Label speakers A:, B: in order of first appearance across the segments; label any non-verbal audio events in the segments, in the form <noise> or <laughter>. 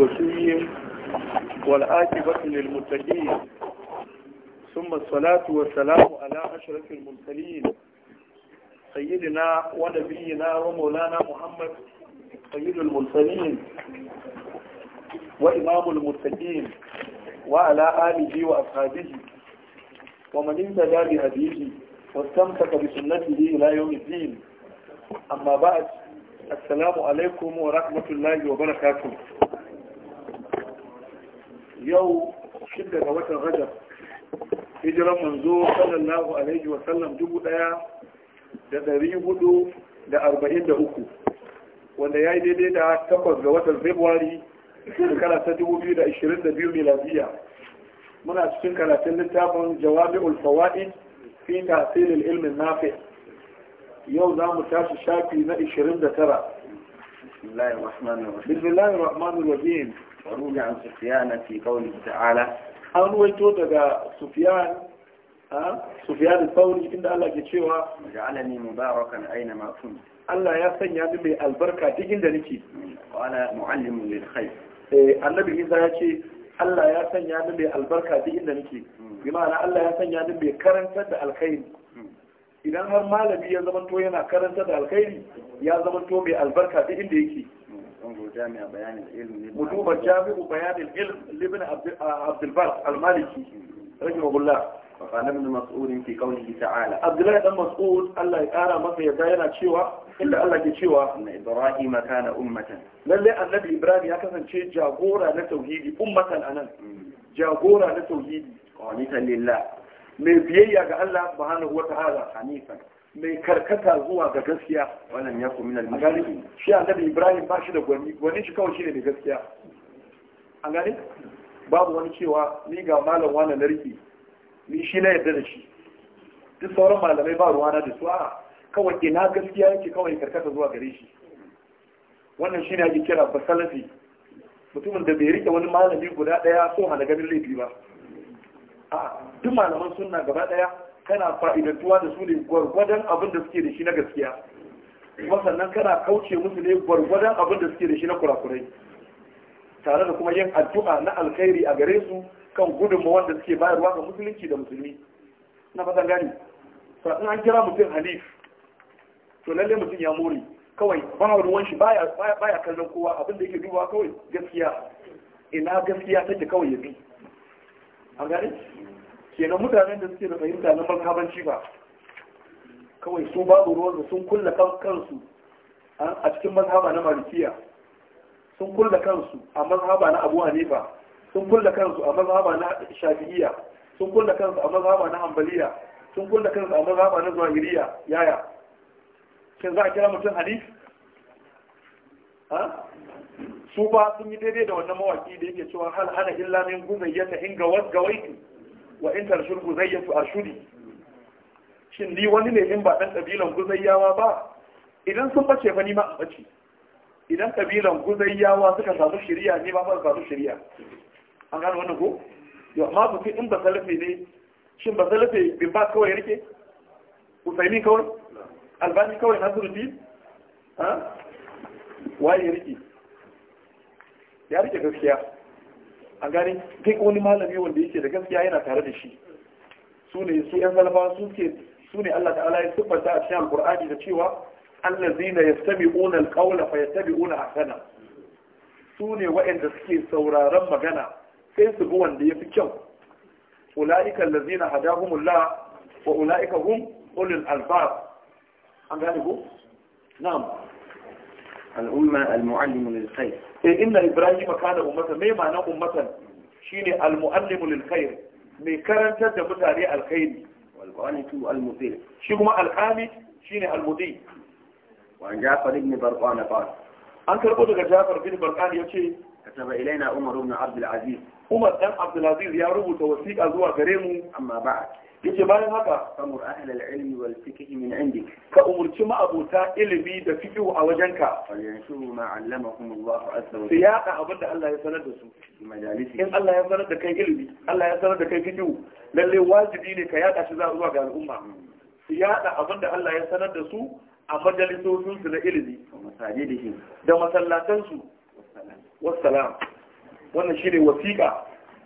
A: الوسيم والآكبة للمتقين ثم الصلاة والسلام على أشرف المرسلين سيدنا ونبينا ومولانا محمد سيد المرسلين وإمام المرسلين وعلى آله وأصحابه ومن انتدى بهديه واستمسك بسنته إلى يوم الدين أما بعد السلام عليكم ورحمة الله وبركاته yau shidda ga watan rajab hijiran manzo sallallahu alaihi wa sallam dubu daya da dari hudu da arba'in da uku wanda ya yi daidai da takwas ga watan februari shekara ta dubu biyu da ashirin da biyu miladiya muna cikin karatun littafin jawabi'ul fawaid fi tasirin ilmin nafi yau za mu tashi shafi na ashirin da tara
B: بسم
A: الله الرحمن الرحيم وروي عن سفيان في قوله تعالى an ruwaito daga sufiyan sufiyan fauri inda Allah ke cewa ja'alani mubarakan aina Allah ya sanya ni mai albarka duk inda nake qala muallimun lil khair annabi Isa ya ce Allah ya sanya ni mai albarka duk inda nake bi ma'ana Allah ya sanya ni mai karanta da alkhairi idan har malami ya to yana karantar da alkhairi ya zamanto mai albarka duk inda yake
B: انظر جامع بيان العلم مدوب
A: الجامع بيان العلم لابن عبد البر المالكي رحمه الله وقال ابن في قوله تعالى عبد الله بن الله masa ya yana cewa inda Allah ke ibrahim kana ummatan lalle annabi ibrahim ya kasance jagora na tauhidi ummatan anan mm. jagora na tauhidi qanitan mai biyayya ga Allah subhanahu wa ta'ala mai karkata zuwa ga gaskiya wannan ya kuma minal shi annabi ibrahim ba shi da gwani gwani shi kawai shine mai gaskiya an gane babu wani cewa ni ga malam wani na ni shi na yadda da shi duk sauran malamai ba ruwana da su a kawai ina gaskiya yake kawai karkata zuwa gare shi wannan shine ake kira basalafi mutumin da bai rike wani malami guda daya so hana ganin laifi ba a duk malaman sunna gaba daya kana fa'idantuwa da su ne gwargwadon abin da suke da shi na gaskiya kuma kana kauce musu ne gwargwadon abin da suke da shi na kurakurai tare da kuma yin addu'a na alkhairi a gare su kan gudunmu wanda suke bayarwa ga musulunci da musulmi na fasan gani sannan an kira mutum halif to lalle mutum ya more kawai ba ruwan shi baya kallan kallon kowa abin da yake dubawa kawai gaskiya ina gaskiya take kawai ya bi an gani. kenan mutanen da suke da fahimta na makamanci ba kawai su babu ruwan da sun kulla kansu a cikin mazhaba na malikiya sun kulla kansu a mazhaba na abu hanifa sun kulla kansu a mazhaba na shafi'iyya sun kulla kansu a mazhaba na hanbaliya sun kulla kansu a mazhaba na zahiriya yaya shin za a kira mutum ha su ba sun yi daidai da wannan mawaki da yake cewa hal hana illa min gumayyata in ga wasu wa in tarshul guzayyatu arshudi shin ni wani ne in ba dan kabilan guzayyawa ba idan sun bace fa ni ma a bace idan kabilan guzayyawa suka samu shari'a ni ba ba samu shari'a an gano wannan ko yo amma ku in ba salafi ne shin ba salafi bi ba kawai rike usaimi kawai albani kawai nasiruddin ha waye rike ya rike gaskiya a gane duk wani malami wanda yake da gaskiya yana tare da shi su ne su yan zalaba su ke su ne Allah ta'ala ya siffanta a cikin alqur'ani da cewa allazina yastabi'una alqawla yastabi'una ahsana su ne waɗanda suke sauraron magana sai su bi wanda ya fi kyau ula'ika allazina hadahumullah wa ula'ika hum ulul albab an gane ko na'am al'umma al-mu'allimu lil khair Ibrahim eh, inna ibrahima kana ummatan me ma'ana ummatan Shi ne muallimu lil khair mai karantar da mutane alkhairi wal qanitu al-mudir shi kuma al shi ne al-mudir wa an ja'far ibn barqan qala an karɓo daga ja'far ibn barqan yace kataba ilaina umar ibn abd al umar ɗan abd ya rubuta wasiƙa zuwa gare mu amma ba'd yace bayan haka amur ahlal ilmi wal fiqh min indik ka umurci ma'abota ilimi da fiqh a wajenka fa yanshuru ma allamahum Allah azza wa jalla ya abinda Allah ya sanar da su majalisi in Allah ya sanar da kai ilimi Allah ya sanar da kai fiqh lalle wajibi ne ka yada shi zuwa ga al'umma su yada abinda Allah ya sanar da su a majalisosin su na ilimi da masallatansu wassalam wannan shine wasiƙa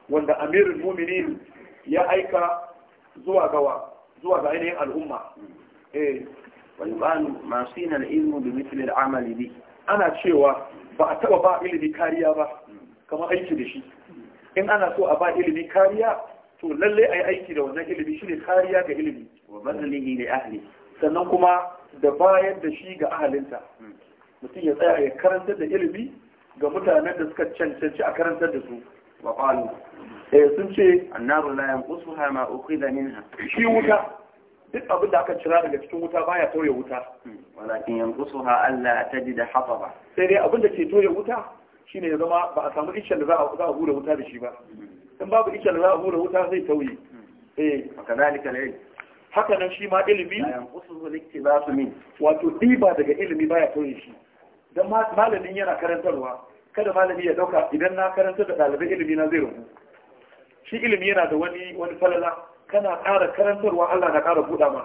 A: wanda amirul mu'minin ya aika zuwa gawa zuwa ga ainihin al'umma hmm. eh walbanu masu yin al'ilmu da mitilin amali ne ana cewa ba a taba ba ilimi kariya ba hmm. kamar aiki da shi in ana so a ba ilimi kariya to lallai a yi aiki da wannan ilimi shi ne kariya ga ilimi wa mazalihi da ahli sannan kuma da bayar da shi ga ahalinta hmm. mutum ya tsaya ya karantar da ilimi ga mutanen da suka cancanci a karantar da su وقالوا sun ce annabu la yanqusuha ma ukhidha minha shi wuta duk abin da aka cira daga cikin wuta baya tauye wuta walakin yanqusuha alla tajida hataba sai dai abin da ke tauye wuta shine ya zama ba a samu iccen da za a hura wuta da shi ba in babu iccen da za a hura wuta zai tauye eh kadalika al haka nan shi ma ilimi yanqusuhu su min wato ɗiba daga ilimi baya tauye shi dan malamin yana karantarwa kada malami ya dauka idan na karanta da ɗalibai ilimi na zai rubu shi ilimi yana da wani wani falala kana ƙara karantarwa Allah na ƙara buɗa ma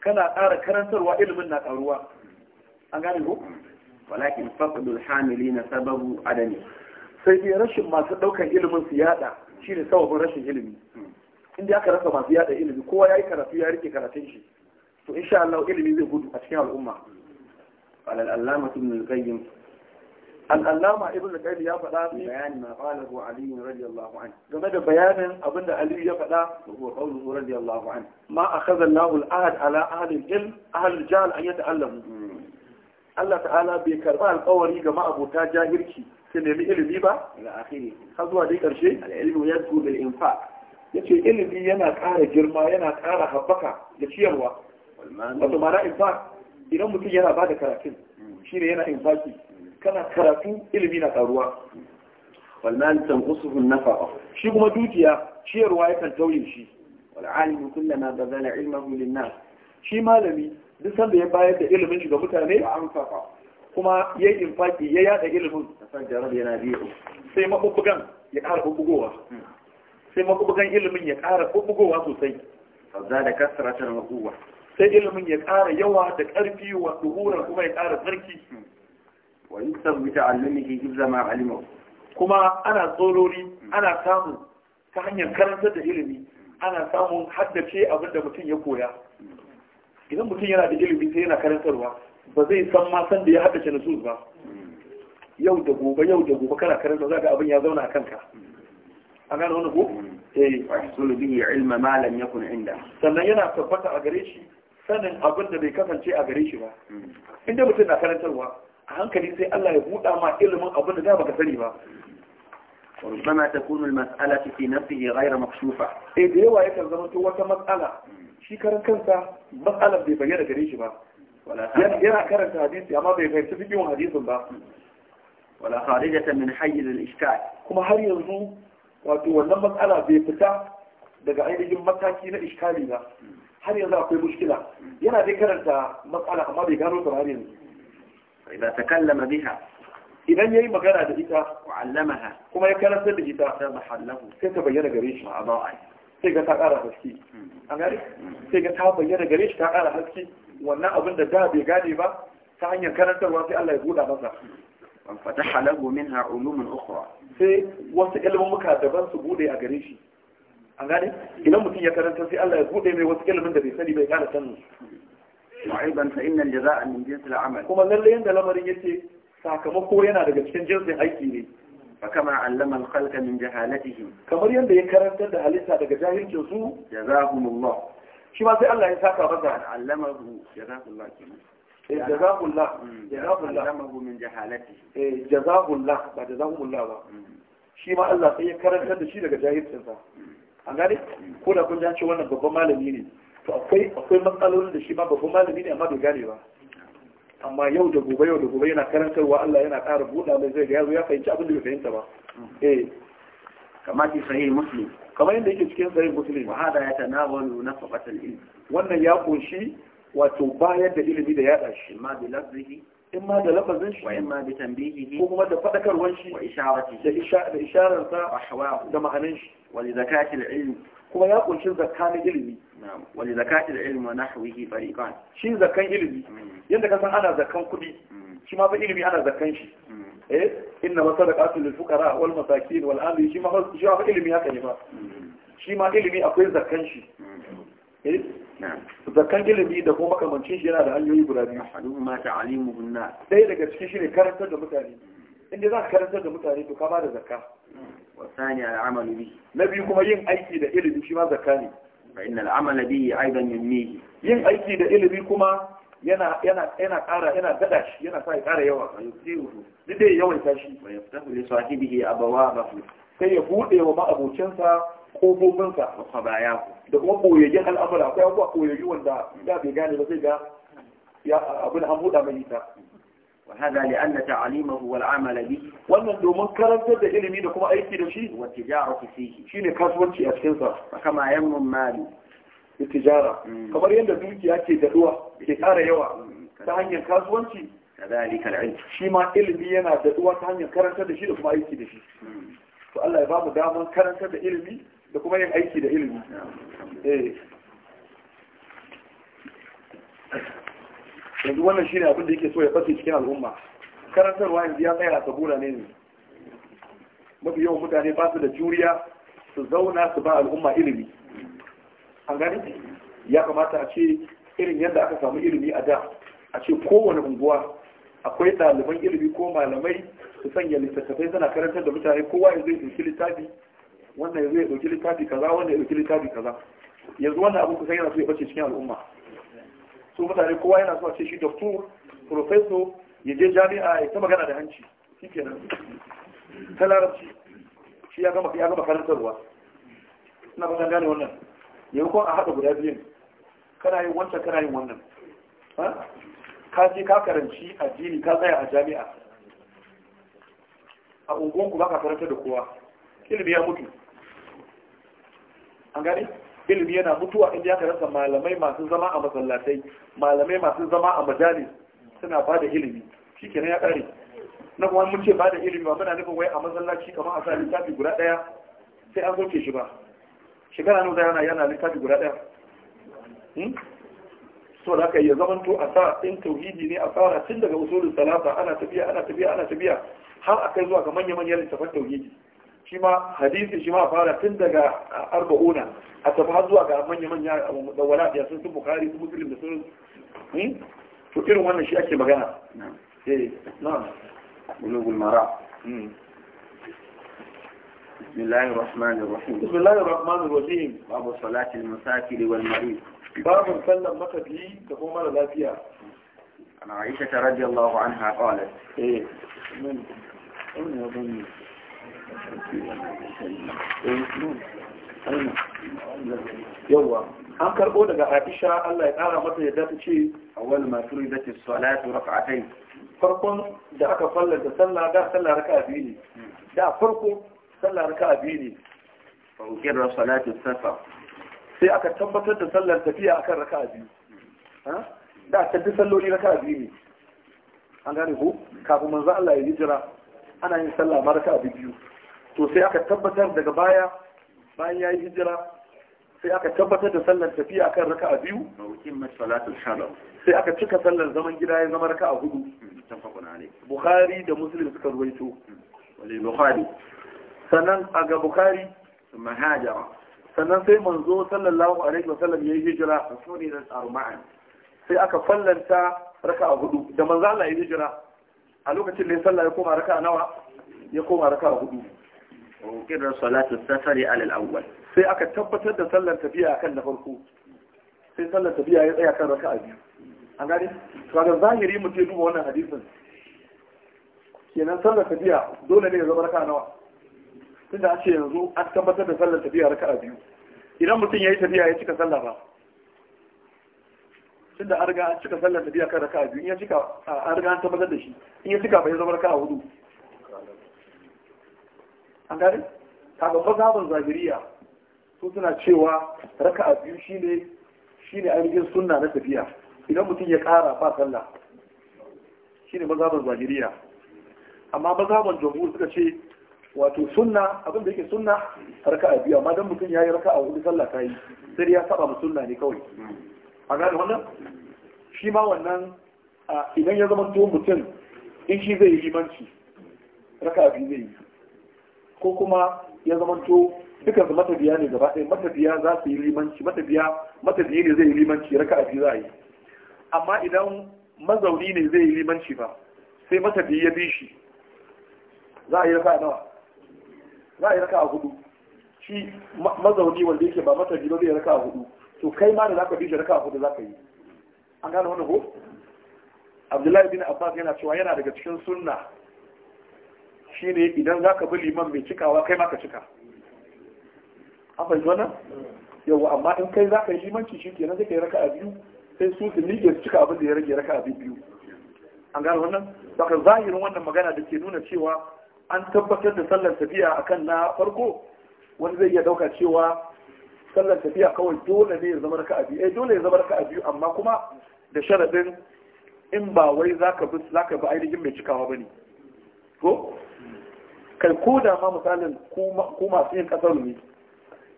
A: kana ƙara karantarwa ilimin na ƙaruwa an gane ko walakin faqdul hamilina sababu adami sai dai rashin masu ɗaukan ilimin su yada shine sababin rashin ilimi inda aka rasa masu yada ilimi kowa yayi karatu ya rike karatun shi to insha Allah ilimi zai gudu a cikin al'umma
C: qala al-allamah ibn al-qayyim
A: al'allama ibn al ya faɗa fi bayani ma qalahu Aliyu radiyallahu anhu game da bayanin abinda ali ya faɗa huwa qawluhu radiyallahu anhu ma a kaza al-ahd ala ahli al-ilm ahli an jahl hmm. an Allah ta'ala bai karɓi alƙawari ga ma'abota jahilci sai nemi ilimi ba ila akhiri har zuwa dai karshe al-ilmu yadku bil Ya ce ilimi yana ƙara girma yana ƙara haɓaka da ciyarwa wato ma'ana infaq idan mutum yana bada karatun hmm. ne yana infaki kana karatu ilimi na karuwa walmal tanqusuhu nafaqa shi kuma dukiya ciyarwa yakan tauye shi wal alimu kullama bazala ilmuhu lin nas shi malami duk sanda ya bayar da ilimin shi ga mutane ba an kuma ya infaki ya yada ilimin san jarab yana biyu sai mabubugan ya ƙara bubugowa sai mabubugan ilimin ya ƙara bubugowa sosai fazza da kasratar mabuwa sai ilimin ya ƙara yawa da ƙarfi wa duhuran kuma ya ƙara tsarki wa yusab bi ta'allumihi hifza ma alimahu kuma ana tsorori ana samun ta hanyar karanta da ilimi ana samun haddace abin da mutum ya koya idan mutum yana da ilimi sai yana karantarwa ba zai san ma san da ya haddace na ba yau da gobe yau da gobe kana karanta za ga abin ya zauna a kanka
C: A gane wani ko eh yahsulu bihi ilma
A: malam ya yakun inda sannan yana tabbata a gare shi sanin abin da bai kasance a gare shi ba hmm. inda mutum na karantarwa a hankali sai Allah ya buɗa ma ilimin abin da za baka sani ba وربما تكون المسألة في نفسه غير مكشوفة إيه ديوا يكن زمان تو wata matsala shi karan kansa matsalar bai bayyana gare shi ba yana karanta hadisi amma bai fahimci fikin hadisin ba
C: wala kharijatan
A: min hayy al-ishkal kuma har yanzu wato wannan matsala bai fita daga ainihin mataki na iskali ba har yanzu akwai mushkila yana dai karanta matsala amma bai gano ta har yanzu فإذا تكلم بها idan yayi magana da ita wa allamaha kuma ya karantar da ita ta mahallahu sai ta bayyana gare shi a ba'a sai ga ta ƙara haske a gare sai ta bayyana gare shi wannan abin da da bai gane ba ta hanyar karantarwa sai Allah ya buɗa masa
C: an fataha lahu minha ulumun
A: ukhra sai wasu ilmumuka daban su a gare shi mutum ya karanta sai Allah ya mai wasu ilimin da bai sani bai kana sanin وأيضا فإن الجزاء من جنس العمل كما لله يند لمرين يتي sakamako yana daga cikin jinsin aiki ne فكما علم الخلق من جهالتهم كما يند يكرنت da halitta daga jahilcin su جزاهم الله shi ma sai Allah ya saka masa allamahu jazakumullah eh jazakumullah jazakumullah allamahu min jahalatihi eh jazakumullah ba jazakumullah ba shi ma Allah sai ya karantar da shi daga jahilcin sa an gane ko da kun ji wannan babban malami ne to akwai akwai matsalolin da shi ma babban malami ne amma bai gane ba amma yau da gobe yau da gobe yana karantarwa Allah yana ƙara buɗa mai zai ga yazo ya fahimci abin da bai fahimta ba eh kamar ki sahih muslim kamar yadda yake cikin sahih muslim wa hada ya tanawalu nafaqatul ilm wannan ya kunshi wato bayar da ilimi da yada shi ma bi lafzihi in ma da lafazin shi wa in ma bi tanbihihi ko kuma da fadakarwan shi wa isharati da isharar sa da ma'anin shi wa li zakatil ilm kuma ya kunshi zakatin ilimi wani zakatil ilmi wa nahwihi ba? shi zakan ilimi yadda ka san ana zakan kuɗi mm. shi ma fa ilimi ana zakan shi mm. eh inna masadaqatu lil fuqara wal masakin wal amri shi ma shi ma ilimi haka ne ba mm. shi ma ilimi akwai zakan shi eh zakan ilimi da kuma makamancin shi yana da hanyoyi guda biyu hadun ma ta'alimuhun nas dai daga cikin shi ne karantar da mutane inda za ka karantar da mutane to ka ba da zakka wasani al'amalu bi na biyu kuma yin aiki da ilimi shi ma zakka ne فإن العمل به أيضا aiki da ilimi kuma yana yana yana ƙara yana gada shi yana sa ya ƙara yawa duk dai yawan tashi fa yaftahu li sahibihi abawabahu sai ya bude wa ma'abocinsa kofofinsa wa khabaya da kuma koyayyun al'amura akwai abubuwa koyayyu wanda da bai gane ba sai ga ya abin an buɗa mai ita وهذا لأن تعليمه والعمل به وأن دومن كرنت ده علمي ده كما أيتي ده شيء والتجارة فيه شيء كasuwanci a cikin sa kama yamnun mali tijara kamar yadda dukiya ke daduwa ke ƙara yawa ta hanyar kasuwanci kadhalika al shi ma ilimi yana daduwa ta hanyar karanta da shi da kuma aiki da shi to Allah ya babu mu damar karanta da ilimi da kuma yin aiki da ilimi yanzu wannan shi ne abin da yake so ya fasi cikin al'umma karantarwa yanzu ya tsaya ta bura ne mafi yawan mutane ba su da juriya su zauna su ba al'umma ilimi an gani ya kamata a ce irin yadda aka samu ilimi a da a ce kowane unguwa akwai ɗaliban ilimi ko malamai su sanya littattafai suna karantar da mutane kowa ya zai ɗauki littafi wannan ya zai ɗauki littafi kaza wannan ya ɗauki littafi kaza yanzu wannan abu kusan yana so ya bace cikin al'umma su mutane kowa yana so a ce shi doktor professor ya je jami'a ya ta magana da hanci shi nan ta larabci shi ya gama ya karantarwa ina ba gane wannan yi a haɗa guda biyun kana yin wancan kana yin wannan ka je ka karanci addini ka tsaya a jami'a a unguwanku ba ka karanta da kowa ilimi ya mutu an gane ilimi yana mutuwa in ya rasa malamai masu zama a masallatai malamai masu zama a majalis suna ba da ilimi shikenan ya kare na kuma mun ce ba da ilimi ba muna nufin wai a masallaci kamar a sa littafi guda ɗaya sai an zoke shi ba shekara nuna yana yana littafi guda ɗaya hmm? so da aka yi zamanto a sa in tauhidi ne a fara tun daga usulun salata ana tafiya ana tafiya ana tafiya har a kai zuwa ga manya-manyan littafan tauhidi shi ma hadisi shi ma fara tun daga arba'una a tafi har zuwa ga manya-manya da wala da sun su bukari hmm? su musulun da sun to irin wannan shi ake magana eh na bulugul mara بسم الله الرحمن الرحيم بسم الله الرحمن الرحيم باب صلاة
C: المسافر والمريض
A: باب صلى مكبي تقوم على لافيا
C: عن عائشة رضي الله عنها قالت ايه من
A: yawwa an karbo daga Aisha Allah ya kara mata yadda ta ce awwal ma turidati salatu rak'atayn farkon da aka fallanta sallah da sallah raka'a biyu ne da farko sallah raka'a biyu ne fa ukirra salatu safar sai aka tabbatar da sallar tafiya akan raka'a biyu da ta duk salloli raka'a biyu ne an gane ko kafin manzo Allah ya hijira ana yin sallah ma raka'a biyu to sai aka tabbatar daga baya bayan ya yi hijira sai aka tabbatar da sallar tafiya akan raka a biyu sai aka cika sallar zaman gida ya zama raka a hudu hmm, bukhari da muslim suka ruwaito hmm, bukhari sannan a ga bukhari mahajara sannan sai manzo sallallahu alaihi wasallam ya yi hijira sai aka fallanta raka a hudu da manzo Allah ya hijira a lokacin da ya sallah ya koma raka nawa ya koma raka a hudu
C: وقرر صلاة السفر على
A: awwal sai aka tabbatar da sallar tafiya akan na farko sai sallar tafiya ya tsaya kan raka'a biyu an gane to ga zahiri mu je duba wannan hadisin kenan sallar tafiya dole ne ya zama raka'a nawa tunda an ce yanzu an tabbatar da sallar tafiya raka'a biyu idan mutum ya yi tafiya ya cika sallah ba tunda an riga an cika sallar tafiya kan raka'a biyu in ya cika an riga an tabbatar da shi in ya cika bai zama raka'a hudu an gane kaga mazhaban zahiriya su suna cewa raka a biyu shine shine ainihin sunna na tafiya idan mutum ya kara ba sallah shine mazhaban zahiriya amma mazhaban jumhur suka ce wato sunna abin da yake sunna a biyu amma dan mutum yayi a hudu sallah ta yi sai ya saba mu sunna ne kawai a gani wannan shi ma wannan idan ya zama to mutum in shi zai yi limanci a biyu zai yi ko kuma ya zamanto dukkan su matabiya ne gaba ɗaya matabiya za su yi limanci Matabiya, matabiya ne zai yi limanci raka a za a yi amma idan mazauni ne zai yi limanci ba sai matafiya ya bi shi za a yi raka nawa za a yi raka a hudu shi mazauni wanda yake ba matabi ba zai raka a hudu to kai ma da za ka bi shi raka a hudu za ka yi an gane wani ko abdullahi bin abbas yana cewa yana daga cikin sunna shine idan zaka bi liman mai cikawa kai ma ka cika A fahimci wannan yawa amma in kai zaka yi limanci shi kenan sai kai raka'a biyu sai su su miƙe su cika abin da ya rage raka'a biyu an gane wannan saka zahirin wannan magana da ke nuna cewa an tabbatar da sallar tafiya akan na farko wani zai iya dauka cewa sallar tafiya kawai dole ne ya zama raka'a biyu eh dole ya zama raka'a biyu amma kuma da sharadin in ba wai zaka bi zaka bi ainihin mai cikawa bane ko kai ko da ma misalin ko masu yin kasar ne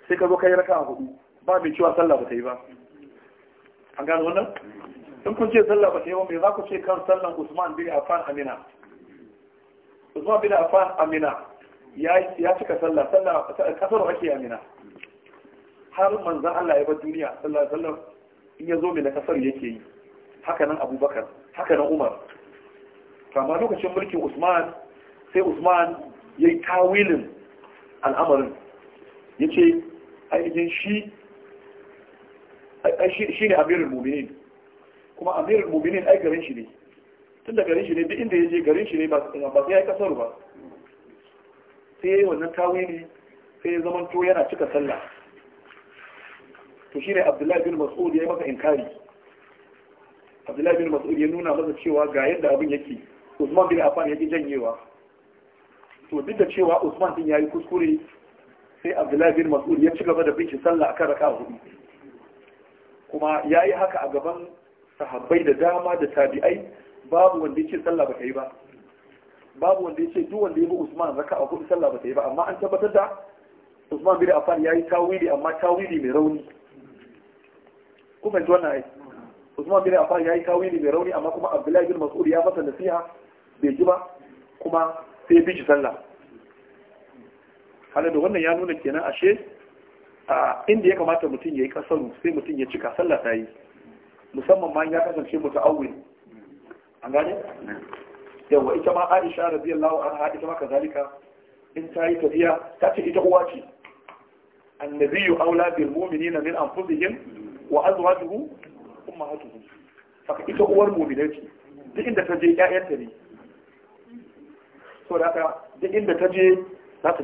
A: sai ka zo kai raka a hudu ba mai cewa sallah ba ta yi ba an gano wannan in kun ce sallah ba ta yi ba mai za ku ce kan sallan usman bin affan amina usman bin affan amina ya cika sallah sallah kasar ake amina har manzan Allah ya bar duniya sallah sallah in ya zo mai na kasar yake yi haka nan abubakar haka nan umar kama lokacin mulkin usman sai usman ya yi tawilin al'amarin ya ce ainihin shi shi ne amirin muminin kuma amirin muminin ai garin shi ne tun da garin shi ne duk inda ya je garin shi ne ba sai ya yi kasar ba sai ya yi wannan tawili sai ya zama to yana cika sallah to shi ne abdullahi bin mas'ud ya yi masa inkari abdullahi bin mas'ud ya nuna masa cewa ga yadda abin yake usman bin affan yake janyewa to duk da cewa Usman din yayi kuskure sai Abdullahi bin Mas'ud ya ci gaba da bin shi sallah akan raka hudu kuma yayi haka a gaban sahabbai da dama da tabi'ai babu wanda yake sallah ba yi ba babu wanda yake duk wanda ya Usman Usman a hudu sallah ba yi ba amma an tabbatar da Usman bin Affan yayi tawili amma tawili mai rauni kuma ji wannan ai Usman bin Affan yayi tawili mai rauni amma kuma Abdullahi bin Mas'ud ya masa nasiha bai ji ba kuma sai ya fi sallah hada da wannan ya nuna kenan ashe a inda ya kamata mutum ya yi kasaru sai mutum ya cika sallah ta yi musamman ma ya kasance mutu awwin an gane yawa ita ma aisha radiyallahu anha ita ma kazalika in ta yi tafiya ta ce ita uwa ce annabiyyu aula bil mu'minina min anfusihim wa azwajuhu ummahatuhum saka ita uwar mu'minai ce duk inda ta je ƴaƴanta ne saboda haka inda ta je ba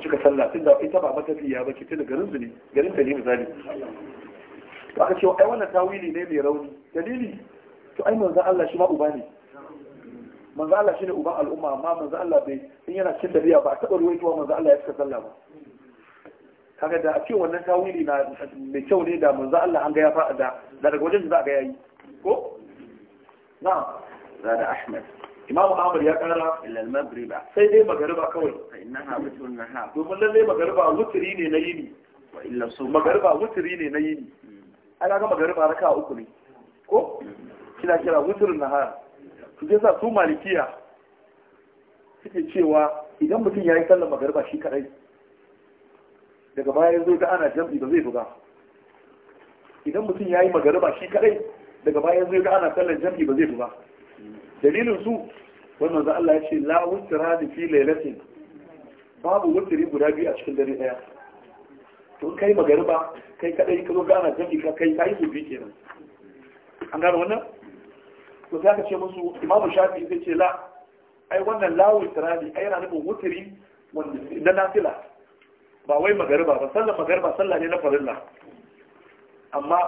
A: matafiya ba ke mai rauni dalili to ai manzo Allah shi ma uba ne manzo Allah shine uban al'umma amma manzo Allah bai in yana cikin tafiya ba a taɓa ruwaitowa manzo Allah ya cika sallah ba kaga da a ce wannan tawili na mai kyau ne da manzo Allah an ga ya fa'a da daga wajen da za a ga yayi ko na'am da Ahmed. imamu ahmad ya kara ilal magriba sai dai magariba kawai fa innaha witrun domin lalle magariba wutri ne na yini wa illa su magariba wutri ne na yini mm. ana ga magariba raka uku ne ko kina kira na nahar su je sa su malikiya suke cewa idan mutum ya yi sallar magariba shi kadai daga baya zo ga ana jam'i ba zai buga idan mutum ya yi magariba shi kadai daga baya zo ga ana sallar jam'i ba zai buga dalilin su wani manzo Allah ya ce la wutra fi lailatin babu wutri guda biyu a cikin dare daya to kai magariba kai kadai ka zo gana jami'i ka kai kai su biyu kenan an gano wannan to sai ka ce musu imamu shafi zai ce la ai wannan la wutra ai yana nufin wutri wanda na nafila ba wai magariba ba sallar magariba sallah ne na farilla amma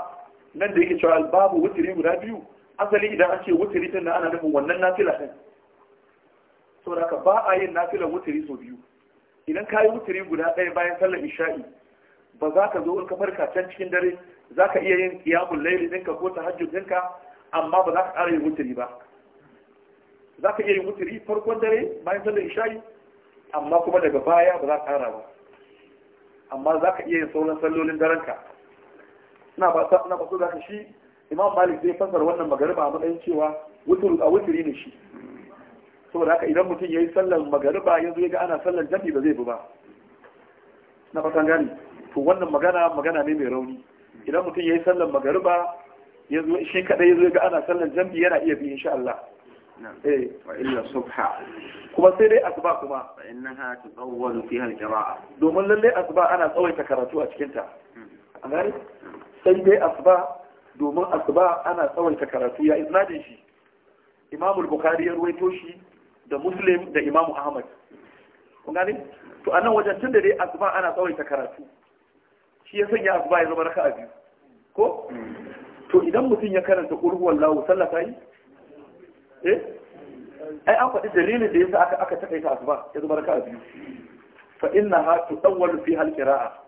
A: nan da yake cewa babu wutri guda biyu asali idan ake wuturi tun da ana nufin wannan nafila sau da ka ba a yin nafilan wuturi sau biyu idan ka yi wuturi guda ɗaya bayan sallar isha'i ba za ka zo in ka farka can cikin dare za ka iya yin kiyamun laili ɗinka ko tahajjud ɗinka amma ba za ka ƙara yin wuturi ba za ka iya yin wuturi farkon dare bayan sallar isha'i amma kuma daga baya ba za ka ƙara ba amma za ka iya yin sauran sallolin darenka ina ba so za ka shi imam malik zai fasar wannan magariba a matsayin cewa wutur a wuturi ne shi saboda haka idan mutum ya yi sallar magariba yanzu ya ga ana sallar jami ba zai bi ba na fatan gani to wannan magana magana ne mai rauni idan mutum ya yi sallar magariba yanzu shi kadai yanzu ya ga ana sallar jami yana iya bi insha Allah
C: eh wa illa subha
A: kuma sai dai asuba kuma fa innaha fiha domin lalle asuba ana tsawaita karatu a cikin ta hmm. an gani hmm. sai dai asuba domin asuba ana tsawaita karatu ya isnadin shi imamul bukhari ya ruwaito shi da muslim da imamu ahmad kun gane to anan wajen tun da dai asuba ana tsawaita karatu shi ya sanya asuba ya zama raka'a biyu ko to idan mutum ya karanta qur'an wallahu sallata yi eh ai an faɗi dalilin da yasa aka aka takaita asuba ya zama raka'a biyu fa innaha tudawwalu fi hal qira'a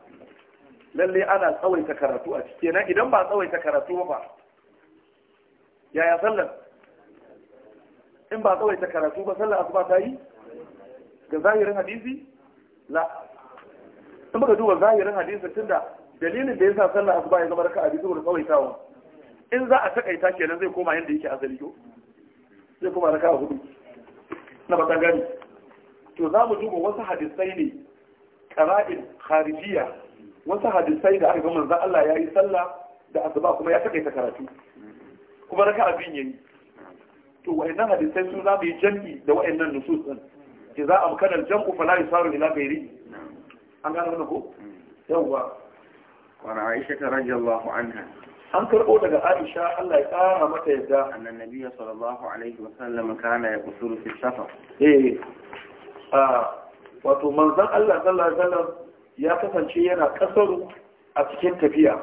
A: lalle ana tsawaita karatu a cikin idan ba tsawaita karatu ba yaya sallar in ba tsawaita karatu ba sallar asuba ta yi ga zahirin hadisi la in baka duba zahirin hadisi tunda dalilin da yasa sallar asuba ya zama raka'a biyu saboda tsawaitawa in za a takaita kenan zai koma yadda yake asali ko zai koma raka'a hudu na ba gani to za mu duba wasu hadisai ne qara'in kharijiyya wasu hadisai da aka gama manzon Allah ya yi sallah da asuba kuma ya takaita karatu kuma raka abin yayi to wa'annan hadisai sun zama yi jam'i da wa'annan nusus din idza amkana al-jam'u fala yusaru ila ghairi an gano wannan ko yawa wa Aisha radiyallahu anha an karbo daga Aisha Allah ya kara mata yadda annan nabiyyi sallallahu alaihi wa sallam kana ya kusuru fi safar eh ah wato manzon Allah sallallahu alaihi wa ya kasance yana kasaru a cikin tafiya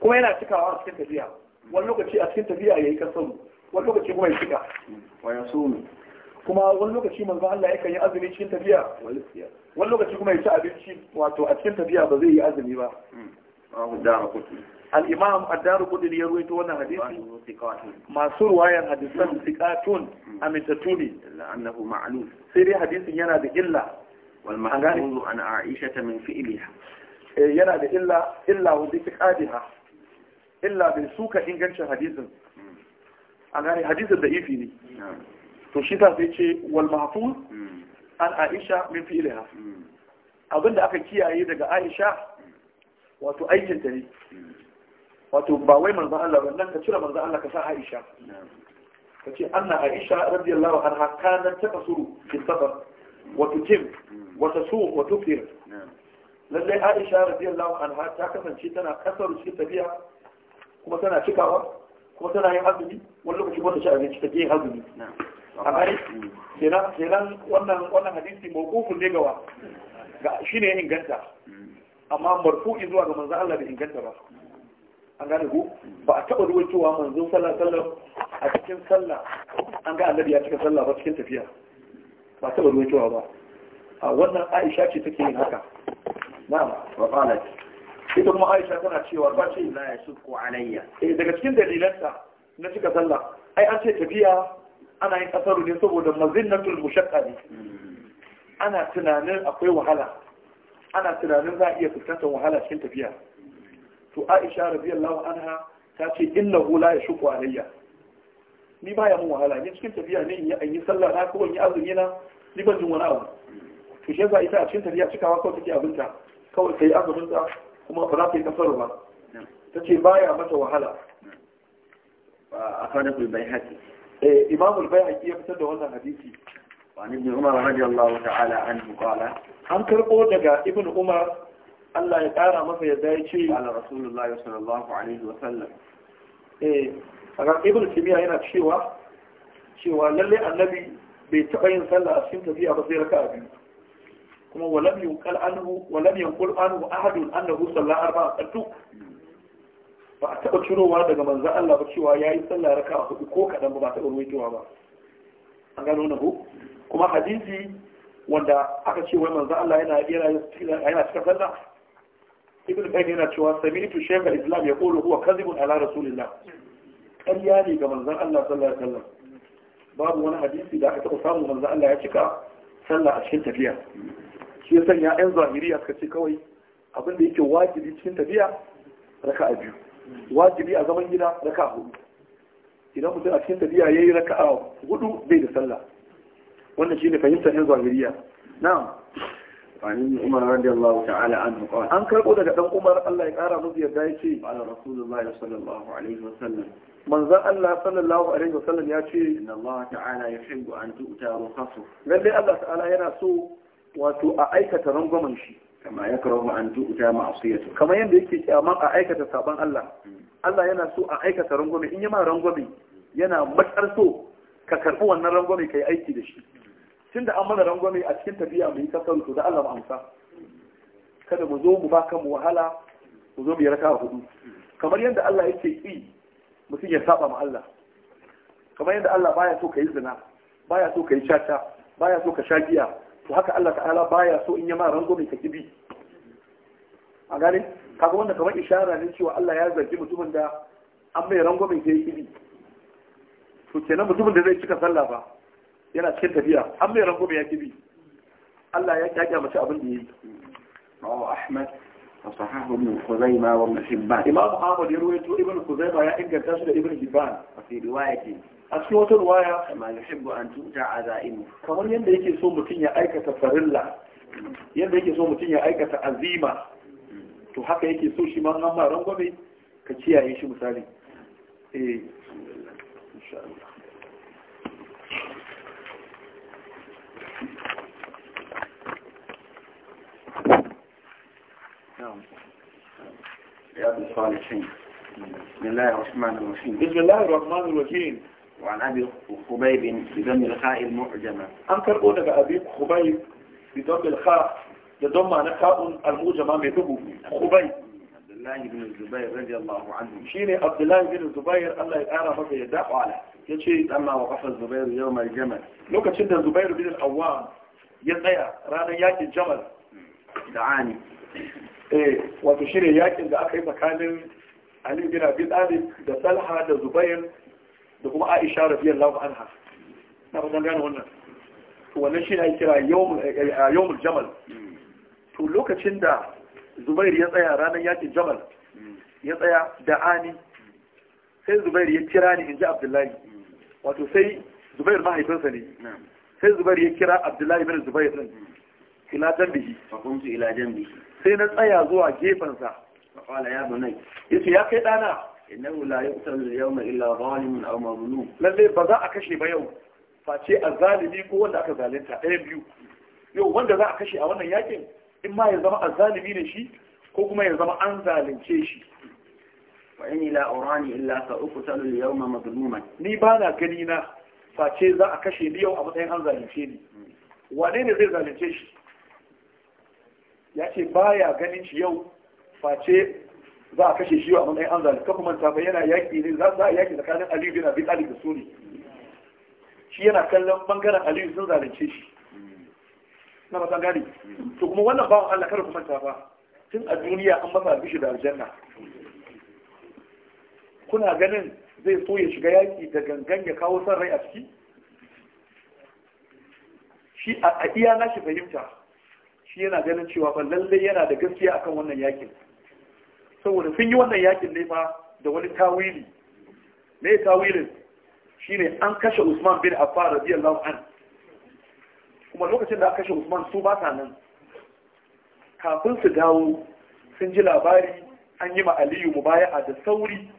A: kuma yana cikawa a cikin tafiya wani lokaci a cikin tafiya ya yi kasaru wani lokaci kuma ya cika kuma wani lokaci manzo Allah yakan yi azumi cikin tafiya wani lokaci kuma ya ci abinci wato a cikin tafiya ba zai yi azumi ba al-imam ad-daru qudri ya ruwaito wannan hadisi masu ruwayan hadisan thiqatun Amintattuni. annahu ma'lum sai dai hadisin yana da illa والمحمول عن عائشة من فئلها yana da illa illa wanda ke kadiha illa bai suka ingancin hadisin a gane hadisin da ne to ta sai ce wal mahfuz hmm. an aisha min fi'liha hmm. abinda aka kiyaye daga aisha hmm. wato aikin ne wato ba wai manzon Allah ba ka cire manzon Allah ka sa aisha ka ce anna aisha radiyallahu arha kanat takasuru fi safar wato wata su wata kira lallai aisha radiyallahu anha ta kasance tana kasar cikin tafiya kuma tana cikawa kuma tana yin azumi wani lokaci wata ci abinci take yin azumi a bari kenan wannan wannan hadisi mawqufun ne gawa ga shine inganta mm. amma marfu'i zuwa ga manzo Allah da inganta ba an gane ku ba a taɓa ruwaitowa manzo sallah sallah a cikin sallah an ga annabi ya cika sallah ba cikin tafiya ba taɓa ruwaitowa ba a wannan aisha ce take yin haka na'am wa qalat ita kuma aisha tana cewa ba ce la yasukku alayya eh daga cikin dalilanta na cika sallah ai an ce tafiya ana yin kasaru ne saboda mazinnatul mushaqqa ne ana tunanin akwai wahala ana tunanin za a iya fuskantar wahala cikin tafiya to aisha radiyallahu anha ta ce innahu la yashuku alayya ni baya mun wahala ni cikin tafiya ne in yi sallah na ko in yi azumi na ni ban jin wani abu to za a ita a cikin tafiya cikawa kawai take abinta kawai kai azumin ta kuma ba za ta yi kasar ba ta ce baya mata wahala
C: a kanin kulbai haki.
A: Eh, imam kulbai haƙi ya fitar da wannan hadisi wani ibn umar radiyallahu ta'ala an qala an karɓo daga ibn umar Allah ya ƙara masa yadda ya ce ala rasulullahi sallallahu alaihi wa sallam eh, A aka ibn timiya yana cewa cewa lalle annabi bai taɓa yin sallah a cikin tafiya ba sai raka'a biyu kuma walam yunkal anhu walam yankul anhu ahadun annahu sallallahu arba'a qattu ba a taba cirowa daga manzan Allah ba cewa yayi sallah raka'a hudu ko kadan ba ba taba ruwaitowa ba an gano na ku kuma hadisi wanda aka ce wai Allah yana yana yana cikin sallah ibn qayyim yana cewa sami'tu shaykh al-islam yaqulu huwa kadhibun ala rasulillah ƙarya ne ga manzon Allah sallallahu alaihi wasallam babu wani hadisi da aka taɓa samun manzon Allah ya cika sallah a cikin tafiya shi ya sanya yan zahiriya suka ce kawai abin da yake wajibi cikin tafiya raka a biyu wajibi a zaman gida raka a hudu idan mutum a cikin tafiya ya yi raka a hudu bai da sallah wannan shi ne fahimtar yan zahiriya na'am عن عمر رضي الله تعالى عنه قال عمر الله يقارى رسول الله صلى الله عليه وسلم من ذا الله صلى الله عليه وسلم إن الله تعالى يحب أن تؤتى رخصه قال لي الله تعالى wato a aikata rangwamen shi kama ya ma an tu'ta ma'asiyatu kama yanda yake kyaman a aikata saban Allah hmm. Allah yana so a aikata rangwame in yi ma rangwame yana matsar so ka karɓi wannan rangwame ka yi aiki da shi tun da an mana rangwame a cikin tafiya mu yi kasar to da Allah mu amsa kada mu zo mu baka mu wahala mu zo mu yi raka hudu kamar yadda Allah yake yi mutum ya saba ma Allah kamar yadda Allah baya so ka yi zina baya so ka yi caca baya so ka sha giya to haka Allah ta'ala baya so in ya ma rango mai kaki bi a gane kaga wanda kamar ishara ne cewa Allah ya zargi mutumin da an mai rango mai kai bi, to kenan mutumin da zai cika sallah ba yana cikin tafiya an mai rango mai ya bi Allah ya kyakya mace abin da yayi rawu ahmad
C: wa sahahu ibn khuzaimah wa ibn hibban
A: imam ahmad ya ruwaito ibn khuzaimah ya inganta shi da ibn hibban cikin riwayati a cikin wata ruwaya kama yuhibbu an tuta azaimu kamar yadda yake so mutum ya aikata farilla yadda yake so mutum ya aikata azima to haka yake so shi ma an ma rangwame ka kiyaye shi misali
B: eh insha Allah
A: بسم الله الرحمن الرحيم بسم الله الرحمن الرحيم وعن أبي خبيب
C: بضم الخاء المعجمة
A: أنكر كربو أبي خبيب بضم الخاء لضم عن خاء المعجمة بضبو خبيب عبد الله بن الزبير رضي الله عنه شيني عبد الله بن الزبير الله يقارى مكة يدعو على يشي أما وقف الزبير يوم الجمل لو كان شد الزبير بن الأوام يطيع رانا ياكي الجمل دعاني إيه وتشيني ياكي إذا أخي مكان علي بن أبي طالب ده سلحة ده زبير da kuma Aisha lafi anha na ba gane wannan to wannan shi ne kira eh, eh, yawmul jamal to lokacin da Zubair ya tsaya ranar yakin Jamal ya tsaya da ani sai Zubair ya kira ni ji Abdullahi wato sai Zubair mahaifinsa ne sai Zubair ya kira Abdullahi bin Zubair din ila jambihi fa ila sai na tsaya zuwa gefansa ya bunay ya kai dana innahu la yuqtalu al-yawma illa zalimun aw mazlum lalle ba za a kashe ba yau face azalimi ko wanda aka zalunta ɗaya biyu yau wanda za a kashe a wannan yakin in ma ya zama azalimi ne shi ko kuma ya zama an zalunce shi wa inni la urani illa sa uqtalu al-yawma mazluman ni ba na gani na face za a kashe ni yau a matsayin an zalunce ni wane ne zai zalunce shi ya ce baya ganin shi yau face za a kashe shi a matsayin an Ka kuma ta fa yana yaƙi ne za a yaƙi tsakanin aliyu bin abi talib da su ne shi yana kallon bangaren aliyu sun zalunce shi na matan gani to kuma wannan bawan allah kada kuma manta ba tun a duniya an masa bishi da aljanna kuna ganin zai so ya shiga yaƙi da gangan ya kawo son rai a ciki shi a iya nashi fahimta shi yana ganin cewa ba lallai yana da gaskiya akan wannan yakin saboda sun yi wannan yakin ne ma da wani tawili me tawilin ne an kashe Usman bin Affan radiyallahu an kuma lokacin da aka kashe Usman su ba sa nan kafin su dawo sun ji labari an yi ma Aliyu a da sauri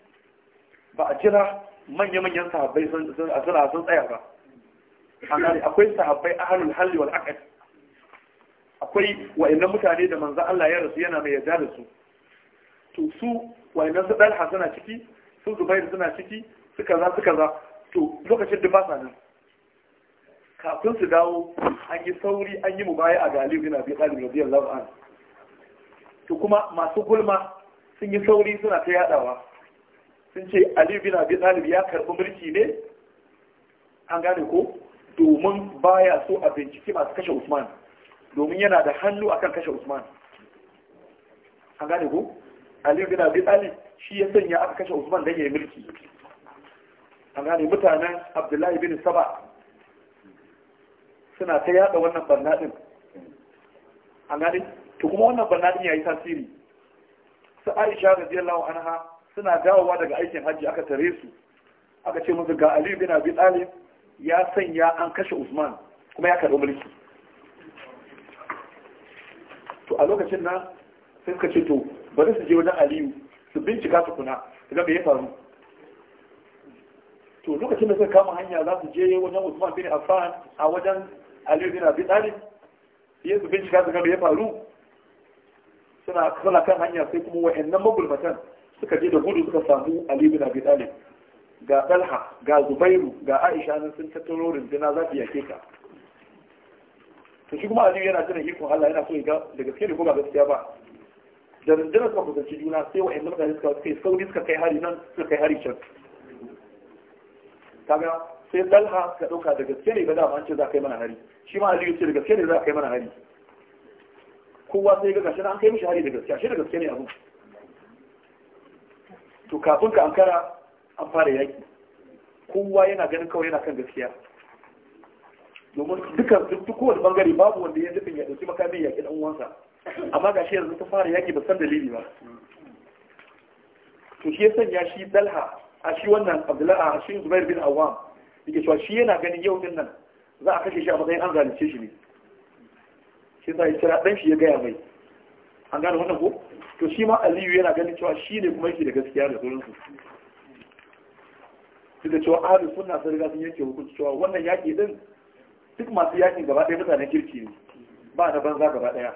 A: ba a jira manya-manyan sahabbai sun azura sun tsaya ba akwai sahabbai a halli wal akwai wa'annan mutane da manzan Allah ya rasu yana mai yarda da su to su wayannan su dalha suna ciki su zubairu suna ciki su kaza su kaza to lokacin da ba sa nan kafin su dawo an yi sauri an yi mubaya a Aliyu yana ɗalibin da biyan an to kuma masu gulma sun yi sauri suna ta yaɗawa sun ce Aliyu bin biyu talib ya karɓi mulki ne an gane ko domin baya so a binciki masu kashe usman domin yana da hannu akan kashe usman an gane ko Ali bin Abi Talib shi ya sanya aka kashe Usman dan yayi mulki an gane mutanen Abdullahi bin Saba suna ta yada wannan banna din an gane to kuma wannan banna din yayi tasiri su Aisha radiyallahu anha suna dawowa daga aikin hajji aka tare su aka ce musu ga Ali bin Abi Talib ya sanya an kashe Usman kuma ya karɓi mulki to a lokacin nan sai suka ce to bari su je wajen aliyu su bincika su kuna su ga me ya faru to lokacin da suka kama hanya za su je wajen usman bin affan a wajen aliyu bin abi talib sai su bincika su ga ya faru suna suna kan hanya sai kuma wa'annan magulmatan suka je da gudu suka samu aliyu bin abi talib ga talha ga zubairu ga aisha nan sun tattaro rundina za su yake ka to shi kuma aliyu yana jiran ikon allah yana so ya ga da gaske ne ko ba gaskiya ba da rundunar suka kusanci juna sai wa'annan mutane suka kai sauri suka kai hari nan suka kai hari can kaga sai dalha suka dauka da gaske ne ba da an ce za a kai mana hari shi ma aliyu ce da gaske ne za a kai mana hari kowa sai ga gashi an kai mishi hari da gaske shi da gaske ne abu to kafin ka ankara an fara yaki kowa yana ganin kawai yana kan gaskiya domin dukkan duk kowane bangare babu wanda ya nufin ya dauki makamin yaƙi dan uwansa amma ga shi yanzu ta fara yaƙi ba san dalili ba to shi ya sanya shi dalha a shi wannan abdullahi a shi zubair bin awam yake cewa shi yana ganin yau din nan za a kashe shi a matsayin an zalunce shi ne shi sa ya kira dan shi ya gaya mai an gane wannan ko to shi ma aliyu yana ganin cewa shi ne kuma yake da gaskiya da su duk da cewa ahli sunna sun riga sun yanke hukunci cewa wannan yaƙi din duk masu yaƙi gaba ɗaya mutanen kirki ne ba na banza gaba ɗaya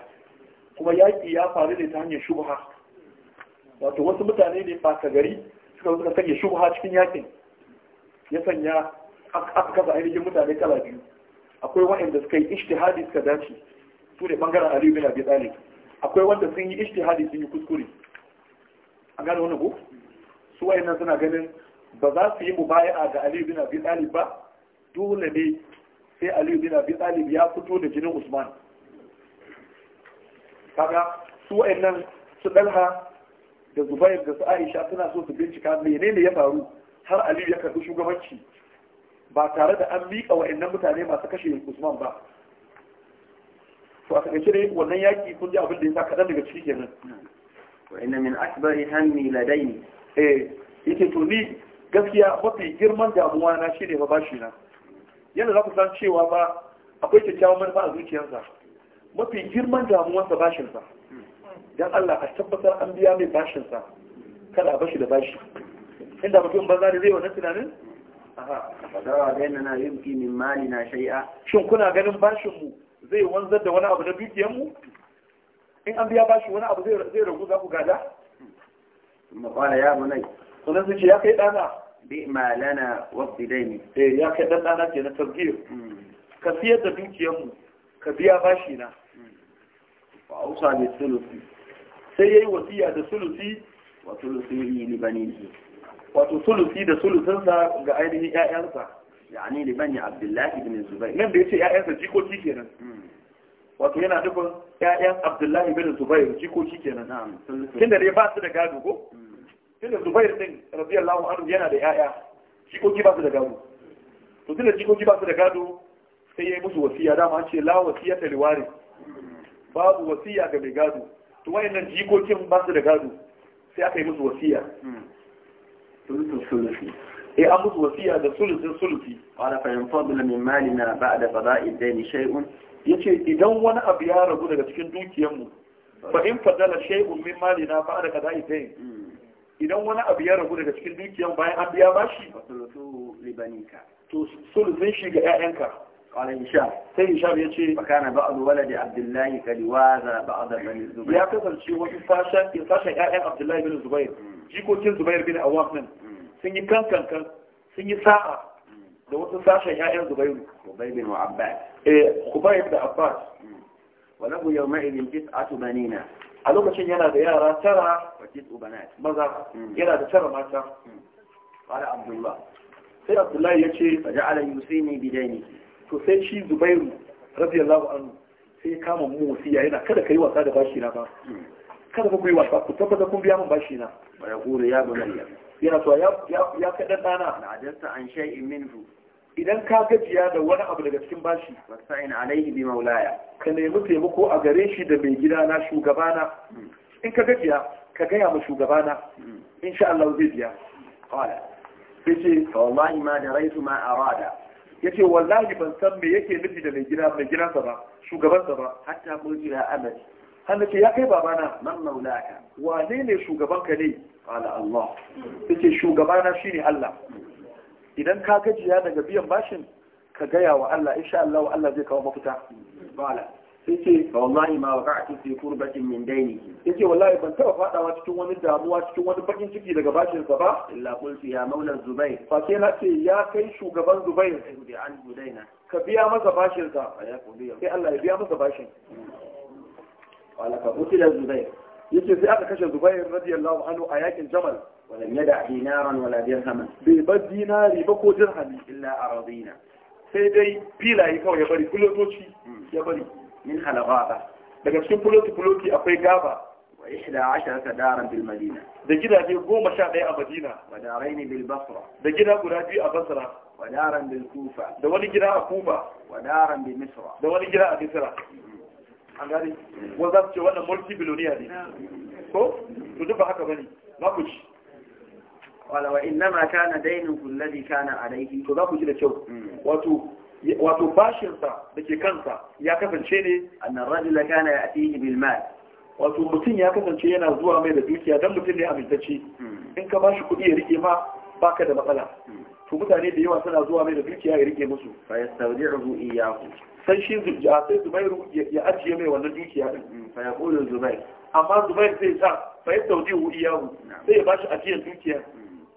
A: kuma yaƙi ya faru ne ta hanyar shubha wato wasu mutane ne ka gari suka suka sanya shubha cikin yaƙin ya sanya aka kasa ainihin mutane kala biyu akwai waɗanda suka yi ishtihadi suka dace su ne ɓangaren aliyu bin abi talib akwai wanda sun yi ishtihadi sun yi kuskure an gane wani ko su wayannan suna ganin ba za su yi mubaya'a ga aliyu bin abi talib ba dole ne sai aliyu bin abi talib ya fito da jinin usman kaga su wa'annan su dalha da zubair da su aisha suna so su bincika menene ya faru har aliyu ya karɓi shugabanci ba tare da an miƙa wa'annan mutane masu kashe usman ba to a takaice ne wannan yaƙi kun ji abin da ya sa kaɗan daga ciki kenan wa'annan min akbari hammi ladaini eh yake to gaskiya mafi girman damuwa na shine ba bashi na yana za ku san cewa ba akwai kyakkyawan manufa a zuciyarsa mafi girman damuwarsa bashinsa don Allah a tabbatar an biya mai bashinsa kada a bashi da bashi inda mutum banza ne zai wannan tunanin fadawa gaina na yumki min mali na shai'a shin kuna ganin bashinmu zai wanzar da wani abu na mu? in an biya bashi wani abu zai ragu za ku gada makwala ya mu nai sunan su ce ya kai dana bi malana wa wabbi dai ne eh ya kai ɗan dana ke na tarbiyyar hmm. ka siyar da mu ka biya bashi na fa ausa bi sulusi sai yayi wasiya da sulusi wa sulusi li banihi wato sulusi da sulusin sa ga ainihin ƴaƴansa yani li bani abdullahi ibn zubair nan da yace ƴaƴansa jikoki kenan wato yana nufin ƴaƴan abdullahi ibn zubair jikoki kenan tunda dai ba su da gado ko tunda zubair din radiyallahu anhu yana da ƴaƴa jikoki ba su da gado to tunda jikoki ba su da gado sai ya yi musu wasiya dama an ce la wasiyata liwaris babu wasiya ga mai gado to wayannan jikokin ba su da gado sai aka yi musu wasiya hmm. sulusun sulusi eh an musu wasiya da sulusun sulusi qala fa yanfadul min malina ba'da qada'i dayn shay'un yace idan wani abu ya rabu daga cikin dukiyar mu fa in fadala shay'un min malina ba'da qada'i dayn hmm. idan wani abu ya rabu daga cikin dukiyar bayan an biya bashi fa sulusu libanika to sulusun shi ga 'ya'yanka قال هشام ya هشام يجي وكان بعض ولد عبد الله فلواذا بعض بن الزبير يا كثر شيء وفي فاشا فاشا يا عبد الله بن الزبير جيكو كين زبير بن عوام من سن كان كان كان ساعة da wasu sashen ‘ya'yan zubairu, Kubaibin wa Abbas, eh, Kubaib da Abbas, wa lahu yau ma'irin tis'atu a lokacin yana da yara tara wa tis'u banat, maza, hmm. yana da tara mata, ƙwada hmm. Abdullah. Sai Abdullahi ya ce, Faja ala Yusini bidaini, to sai shi zubairu radiyallahu anhu sai ya kama mu wasiya yana kada ka yi wasa da bashi na ba kada ku yi wasa ku tabbata kun biya min bashi na ya gure ya ya yana cewa ya ya kada dana na ajarta an shay'in minhu idan ka gajiya da wani abu daga cikin bashi wasa'in alaihi bi maulaya ka nemi taimako a gare shi da mai gida na shugabana hmm. in ka gajiya ka gaya ma shugabana hmm. insha Allah zai biya qala sai ce wallahi ma daraitu ma arada yace wallahi ban san me yake nufi da mai gida mai gidansa ba shugabansa ba hatta mujira amali har ce ya kai babana man maulaka wane ne shugabanka ne qala Allah yace shugabana shine Allah idan ka gajiya daga biyan bashin ka gaya wa Allah insha Allah Allah zai kawo mafita Ba'ala. sai wallahi ma waqa'tu fi qurbatin min daynihi yace wallahi ban taba fadawa cikin wani damuwa cikin wani bakin ciki daga bashin sa ba illa qultu ya maula zubair fa sai na ce ya kai shugaban zubair bi an hudaina ka biya masa bashin sa sai Allah ya biya masa bashin wala ka utila zubair yace sai aka kashe zubair radiyallahu anhu a yakin jamal ولم يدع دينارا ولا درهما بيبد ديناري بكو درهمي الا اراضينا sai dai filaye kawai ya bari kulotoci ya bari min halagaba daga cikin fuloti fuloti akwai gaba wa ihda asharata daran bil madina da gidaje goma sha ɗaya a madina wa daraini bil basra da gida guda a basra wa daran bil kufa da wani gida a kufa wa daran bil misra da wani gida a misra an gani wanda ce wannan ne ko to duk ba haka ku wala to za ku ji da kyau hmm. wato bashinsa da ke kansa ya kasance ne annan rajula kana ya atihi bil mal wato mutum ya kasance yana zuwa mai da dukiya don mutum ne amintacce hmm. in ka bashi kuɗi ya rike ma baka da matsala hmm. to mutane da yawa suna zuwa mai da dukiya ya rike musu fa yastawdi'uhu iyyahu sai shi zuja sai zubairu ya ajiye mai wannan dukiya din hmm. fa yaqulu zubair amma zubair sai sa fa yastawdi'uhu iyyahu sai ya bashi ajiyar dukiya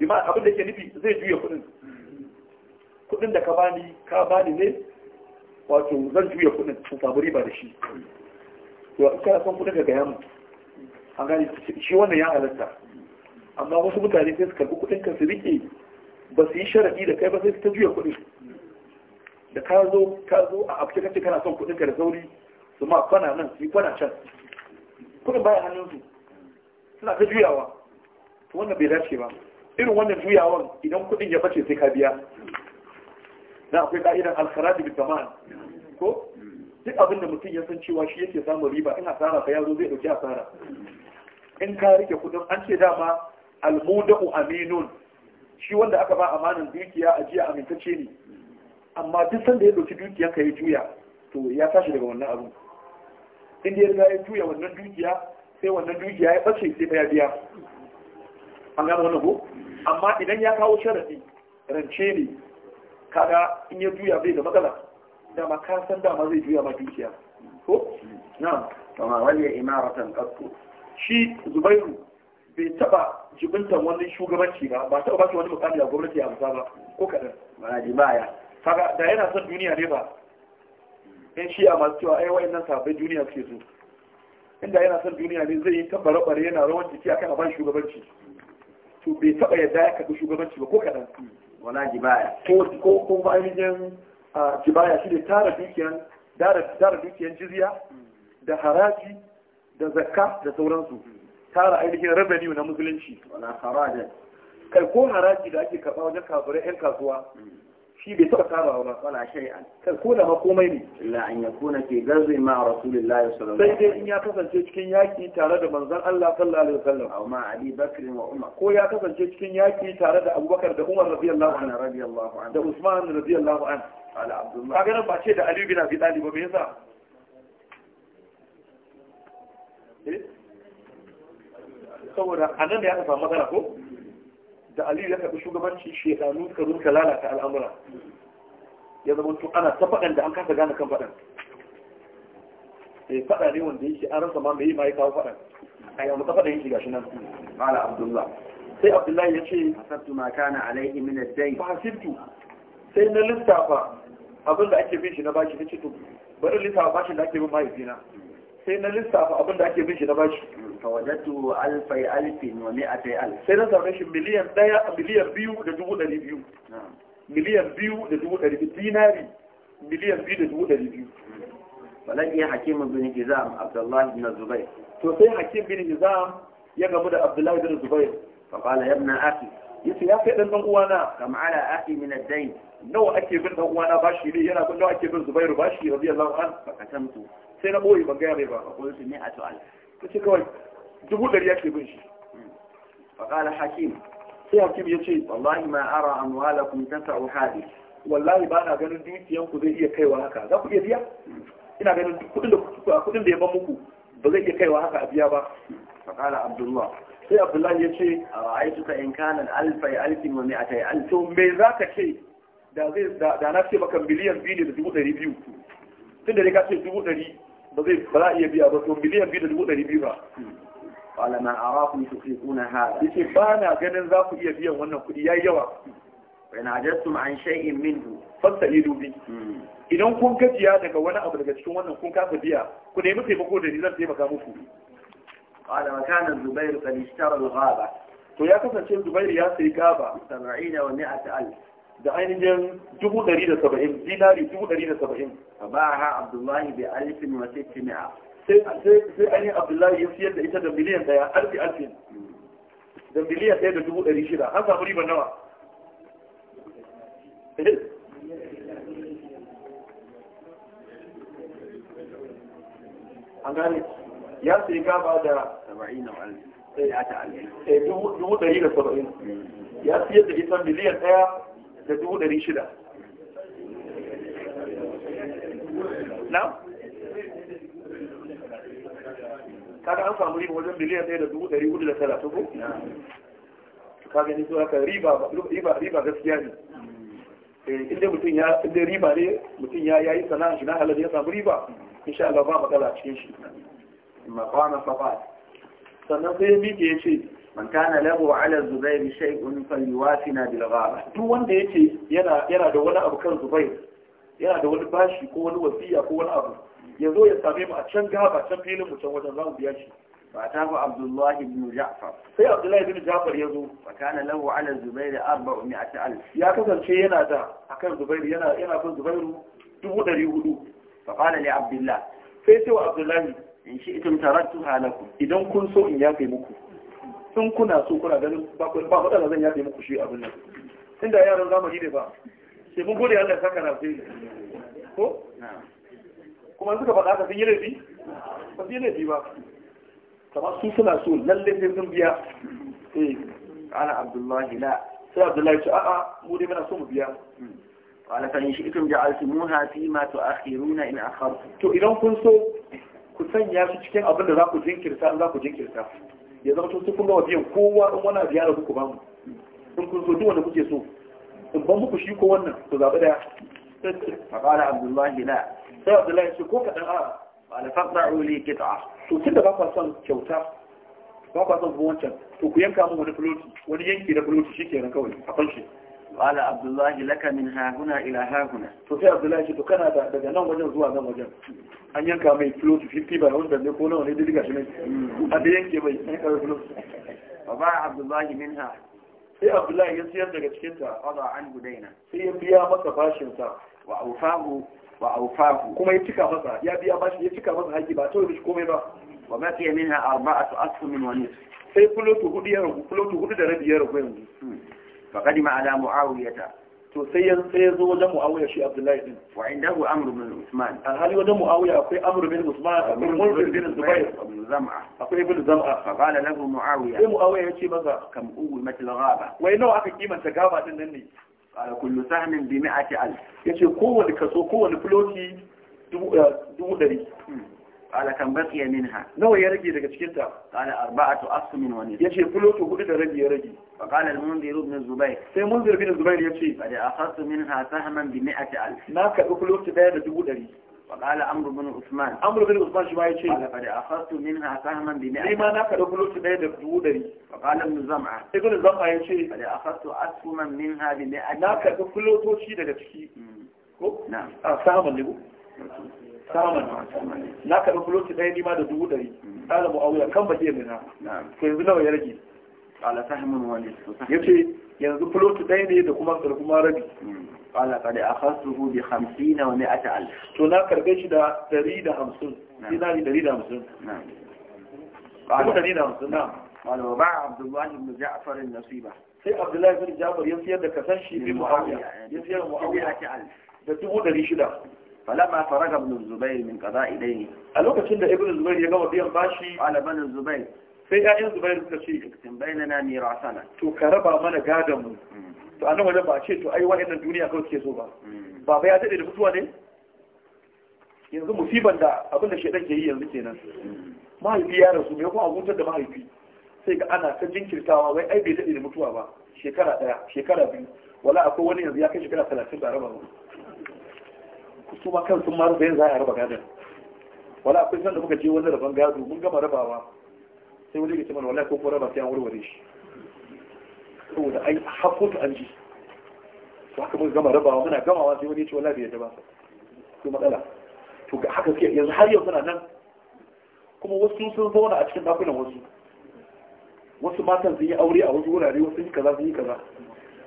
A: bima abin da ke nufi zai juya kudin kudin da ka bani ka bani ne wato zan juya kudin in samu riba da shi to kana son kudin daga yamu an gani shi wannan ya halatta amma wasu mutane sai su karbi kudin ka su rike ba su yi sharadi da kai ba sai su ta juya kudin da ka zo ka zo a abuce kace kana son kudin ka da sauri su ma kwana nan su yi kwana can kudin baya hannun su suna ta juyawa to wannan bai dace ba irin wannan juyawan idan kudin ya bace sai ka biya na akwai ka'idan alkharaj bi zaman ko duk abin da mutum ya san cewa shi yake samun riba in asara ka yazo zai dauki asara in ka rike kudin an ce dama almudu aminun shi wanda aka ba amanan dukiya a jiya amintacce ne amma duk sanda ya dauki dukiya ka ya juya to ya tashi daga wannan abu in da ya ya juya wannan dukiya sai wannan dukiya ya bace sai ya biya an gano wannan ko amma idan ya kawo sharadi rance ne kaga in ya juya bai da matsala da ka san dama zai juya ma dukiya ko na kama wani imaratan qattu shi zubairu bai taba jibintan wani shugabanci ba ba taba ba shi wani mukami a gwamnati a musa ba ko kadan ba ji baya kaga da yana son duniya ne ba in shi a masu cewa ai wayannan sabai duniya suke so inda yana son duniya ne zai yi tabbara bare yana rawar jiki akan a shugabanci to bai taba yadda ya karɓi shugabanci ba ko kaɗan wala jibaya ko ko ko ainihin jibaya shi ne tara dukiyan tara dukiyan jizya da haraji da zakka da sauransu tara ainihin revenue na musulunci wala haraji kai ko haraji da ake karɓa wajen kafirai 'yan kasuwa hmm. shi bai taɓa saba ba wala shay'an kan ko da makomai ne illa an yakuna fi gazi ma rasulullahi sallallahu alaihi wasallam sai dai in ya kasance cikin yaki tare da manzon Allah sallallahu alaihi wasallam aw ma ali bakr wa umar ko ya kasance cikin yaki tare da abubakar da umar radiyallahu anhu radiyallahu anhu da usman radiyallahu anhu ala abdullah kaga ba ce da ali bin abi talib ba me yasa eh? saboda anan da ya samu matsala ko da aliyu ya karɓi shugabanci shekaru suka zo lalata al'amura ya zama to ana ta faɗan da an kasa gane kan faɗan eh faɗa ne wanda yake an rasa ma mai ma ya kawo faɗan a yamma ta faɗan yake gashi nan mala abdullah sai abdullahi ya ce hasabtu ma kana alaihi min ad-dayn fa hasibtu sai na lissafa abin da ake bin shi na bashi nace to bari lissafa bashin da ake bin mahaifina sai na lissafa abin da ake bin shi na bashi fawajatu alfai alfin wa mi'atai alf sai na same shi miliyan daya miliyan biyu da dubu ɗari biyu miliyan biyu da dubu ɗari biyu dinari miliyan biyu da dubu ɗari biyu falaki hakim bin hizam abdullah bin zubair to sai hakim bin hizam ya gamu da abdullah bin zubair fa qala ya ibn akhi yace ya kai dan dan uwana kama ala akhi min ad-dayn nawa ake bin dan uwana bashi ne yana kun nawa ake bin zubairu bashi radiyallahu anhu fa katamtu sai na ɓoye ban gaya mai ba a kudu su ne a tu'al ta ce kawai dubu ɗari ke bin shi faƙala hakim sai hakim ya ce wallahi ma ara ta tasa'u haɗi. wallahi ba na ganin dukiyanku zai iya kaiwa haka za ku iya biya ina ganin kudin da ya ban muku ba zai iya kaiwa haka a biya ba faƙala abdullah sai abdullah ya ce a ra'aitu ka in kanan alfai alfin wa mi'atai alfin me za ka ce da zai da na ce maka miliyan biyu ne da dubu ɗari biyu tun da ka ce dubu ɗari ba zai ba a iya biya ba to miliyan biyu da dubu ɗari biyu ba qala ma arakum tufiquna hada yace ba na ganin za ku iya biyan wannan kuɗi ya yi yawa wa in ajastum an shay'in Fasta yi dubi. Hmm. idan kun gajiya daga wani abu daga cikin wannan kun kasa biya ku nemi taimako da ni zan taimaka muku qala ma kana zubair shi ishtara da gaba. to ya kasance Zubairu ya sayi gaba 70 wa a ta'al? da ainihin dubu dari da saba'in dinari dubu dari da saba'in baha abdullahi bai alifin wa sittina sai ainihin abdullahi ya siyar da ita da miliyan ɗaya alfi alfin da miliyan ɗaya da dubu dari shida an samu riba nawa eh? an gane ya sai gaba da saba'in da alfi dubu dari da saba'in ya siyar da ita miliyan ɗaya da dubu ɗari shida na? kaga an samu riba wajen miliyan ɗaya da dubu ɗari hudu da talatin ko? ka gani so haka riba gaskiya ne eh, inda mutum ya inda riba ne mutum ya yayi sana'a shi na halal ya samu riba insha Allah ba matsala cikin shi maqama sabat sannan sai ya miƙe ya ce man kana lahu ala zubair shay'un falyuwafina bil ghaba duk wanda yace yana yana da wani abu kan zubair yana da wani bashi ko wani wasiya ko wani abu yazo ya same mu a can gaba can filin mu can wajen zamu biya shi fa ta fa abdullah ibn ja'far sai abdullah ibn ja'far yazo fa kana lahu ala zubair 400000 ya kasance yana da akan zubair yana yana kan zubairu 400 fa qala li abdullah sai ce wa abdullah in shi itum tarattuha lakum idan kun so in yafe muku sun kuna su kuna ganin ba matsala zan yafe muku shi abin nan inda yaran zamani ne ba sai mun gode Allah ya saka na sai ko kuma suka faɗa ka sun yi laifi ba sun yi laifi ba kamar su suna so lalle sai sun biya eh ana abdullahi la sai abdullahi ce a'a mu dai muna so mu biya قال فإن شئتم جعلتموها فيما تؤخرون إن أخرتم. تو إذا كنتم كنتم يا شيخ كان أبدا ذاك jinkirta ذاك ku jinkirta. ya zama tun sukun gawa biyan kowa in wani biya da kuku mu in kun so duk wanda kuke so in ban muku shi ko wannan ku zaɓi daya a ƙara abdullahi la sai abdullahi shi ko kaɗan a malafar da'u li kit'a to tun da ba kwa son kyauta ba kwa son wancan to ku yanka mun wani fuloti wani yanki da fuloti shi kenan kawai a fanshi qala abdullahi laka min ha huna ila ha to sai abdullahi ce to kana da daga nan wajen zuwa nan wajen an yanka mai kilo 50 ba wanda ne ko nawa ne dai diga shi ne hmm. a da yanke mai an kawo kilo fa ba abdullahi minha sai abdullahi ya siyar daga cikin ta qada an gudaina sai ya biya masa bashin sa wa aufahu wa aufahu kuma ya cika masa ya biya bashi ya cika masa haƙi ba to shi komai ba wa baqiya minha arba'atu asfun wa nisf sai fulotu hudu ya ragu fulotu hudu da rabi ya ragu yanzu hmm. faqadima ala muawiyata to sai ya sai ya zo wajen muawiya shi abdullahi ɗin. wa indahu amr bin usman alhali wajen muawiya akwai amr bin usman akwai mulk bin zubair ibn zam'a akwai ibn zam'a fa qala lahu muawiya sai ya ce masa kam uwi matal ghaba wai nawa aka kimanta gaba ɗin nan ne qala kullu sahmin bi mi'ati alf yace kowanne kaso kowanne filoti, dubu eh, dari ala kan bar iya min ha. Nawa ya rage daga cikin ta. Kala arba'a to asu min wani. Ya ce fulo to da rage ya rage. Fa kala almundir ibn Zubayr. Sai mundir ibn Zubayr ya ce bari akhadtu min ha sahman bi mi'ati alf. Na ka duk daya da dubu dari. Fa kala Usman. Amru Usman shi ya ce bari akhadtu min ha sahman bi mi'ati. Sai ma na daya da dubu dari. Fa kala ibn Zam'a. Sai ibn Zam'a ya ce bari akhadtu asuman min ha bi mi'ati. Na ka duk daga ciki. Mm. Ah, saman na karɓi fuloti ɗaya nima da dubu ɗari ƙala mu'awiya kan baje ya mina to yanzu nawa ya rage ƙala sahimin wani ya ce yanzu fuloti ɗaya ne da kuma da kuma rabi hmm. ƙala ƙada a fasuhu bi hamsin na wani ata al to na karɓe shi da ɗari da hamsin dinari ɗari da hamsin kuma ɗari da hamsin na ƙala wa ba abdullahi bin ja'far nasiba sai abdullahi bin ja'far ya siyar da kasan shi bi mu'awiya eh, ya siyar mu'awiya da dubu ɗari shida فلما فرغ ابن الزبير من قضاء دينه a lokacin da الزبير zubair ya gama biyan bashi الزبير في zubair sai ya'yan zubair suka ce تو كربا mirasana to ka raba mana باشي تو اي واحد الدنيا ba ce to ai wa'annan duniya kawai suke so ba baba ya da mutuwa ne yanzu musiban da abin da ke yi yanzu kenan mahaifi ya rasu me kuma abuntar da mahaifi sai ga ana ta jinkirtawa wai ai bai daɗe da mutuwa ba shekara ɗaya, shekara biyu wala akwai wani yanzu ya kai shekara 30 ba raba ba. su ma kan sun ma rufe za a raba gadon wala akwai san da muka je wani rabon gado mun gama rabawa sai wani yake mana wala ko ko raba sai an warware shi saboda ai hakkun an ji to haka mun gama rabawa muna gamawa sai wani ya ce wala bai yadda ba to matsala to ga haka sai yanzu har yau suna nan kuma wasu sun zauna a cikin dakunan wasu wasu matan sun yi aure a wasu wurare wasu yi kaza sun yi kaza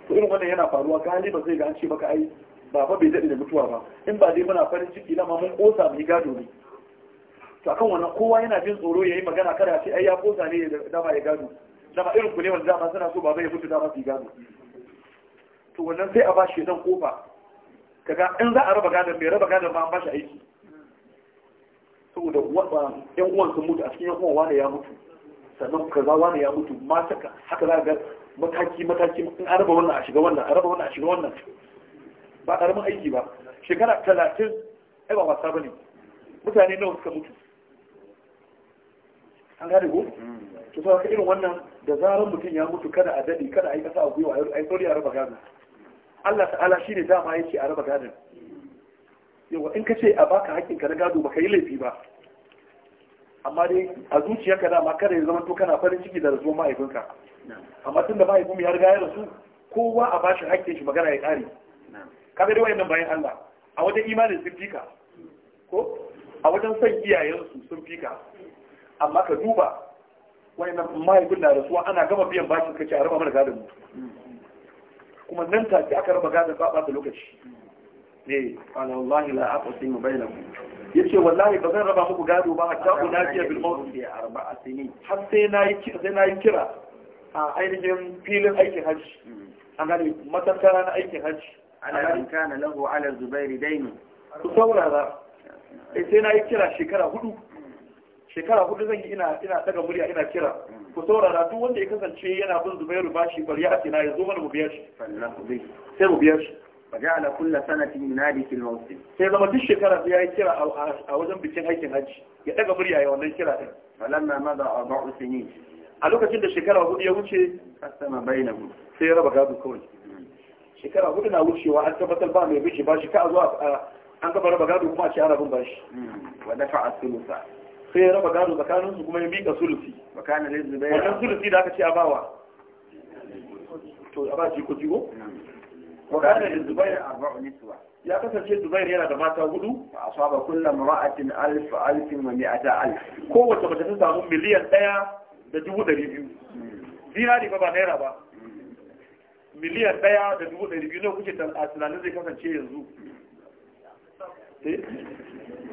A: to irin wannan yana faruwa galiba zai ga an ce maka ai ba fa bai zaɗi da mutuwa ba in ba dai muna farin ciki na mun kosa mu yi gado ne to akan wannan kowa yana jin tsoro ya yi magana kada ce ai ya kosa ne da ba ya gado dama irin ku ne wanda dama suna so baba ya mutu dama su yi gado to wannan sai a ba shi dan kofa kaga in za a raba gadon mai raba gadon ma an ba shi aiki saboda yan uwan sun mutu a cikin yan uwan wani ya mutu sannan kaza wani ya mutu mata haka za ga mataki mataki in an raba wannan a shiga wannan a raba wannan a shiga wannan ba ƙaramin aiki ba shekara talatin ai ba wasa ba ne mutane nawa suka mutu an gane ko to sai ka irin wannan da zarar mutum ya mutu kada a dade kada a yi kasa a gwiwa a yi sauri a raba gadon Allah ta'ala shi ne dama yake a raba gadon yawa in ka ce a baka hakkin ka na gado baka yi laifi ba amma dai a zuciyarka dama kada ya zama to kana farin ciki da rasuwar ma'aikinka amma tun da mahaifin ya riga ya rasu kowa a bashi hakkin shi magana ya kare kaga dai wayannan bayan Allah a wajen imanin sun fika ko a wajen san iyayensu sun fika amma ka duba wayannan mahaifin na su ana gama biyan bashin kace a raba mana gadon mu kuma nan ta ce aka raba gadon ba ba lokaci ne eh, qala wallahi la aqsimu bainakum yace wallahi ba zan raba muku gado ba hatta ku nafiya bil mawdu bi arba'a sinin har sai nayi sai nayi kira a ainihin filin aikin hajji mm. an gane matattara na aikin hajji ala man kana lahu ala zubairi dainu ku saurara sai na yi kira shekara hudu shekara hudu zan yi ina ina daga murya ina kira ku saurara duk wanda ya kasance yana bin zubairu bashi bar ya atina ya zo mana mu biya shi sai mu biya shi faja'ala kulla sanatin yunadi fil mawsim sai zama duk shekara sai yayi kira a wajen bikin aikin hajji ya daga murya ya wannan kira din falamma madha arba'u sinin a lokacin da shekara hudu ya wuce kasama bainahum sai ya raba gado kawai shekara hudu na wucewa an tabbatar ba mai bishi ba shi ka zuwa an gaba raba gado kuma a ce ana bin bashi hmm. wa dafa asulusa sai ya raba gado tsakanin su kuma ya mika sulusi makana ne zubai wannan sulusi da aka ce a bawa to a ba jiko jiko wakana ne zubai arba'u niswa ya kasance zubair yana da mata hudu a saba kullum ra'atin alf alfin wa mi'ata alif. kowace mace ta samu miliyan daya da dubu dari biyu dinari hmm. ba ba naira ba miliyan daya da dubu ɗari biyu ne kuke tunanin zai kasance yanzu eh?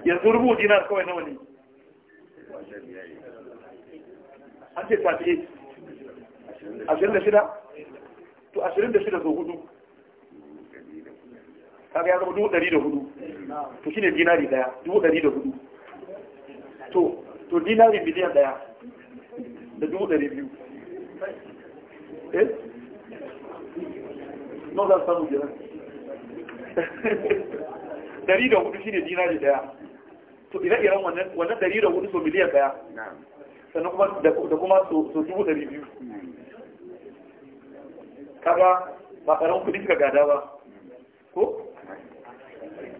A: yanzu rubu dinar kawai nawa ne an ce da shida to shida zo hudu kaga ya zama dubu ɗari da hudu to shine dinari daya dubu ɗari da hudu to to dinari miliyan daya da dubu ɗari biyu eh nau za samu dari da hudu shine daya to ire-iren wannan dari da hudu so miliyan daya da kuma so dubu dari biyu kaga ba ƙaramin kudi kika gada ba ko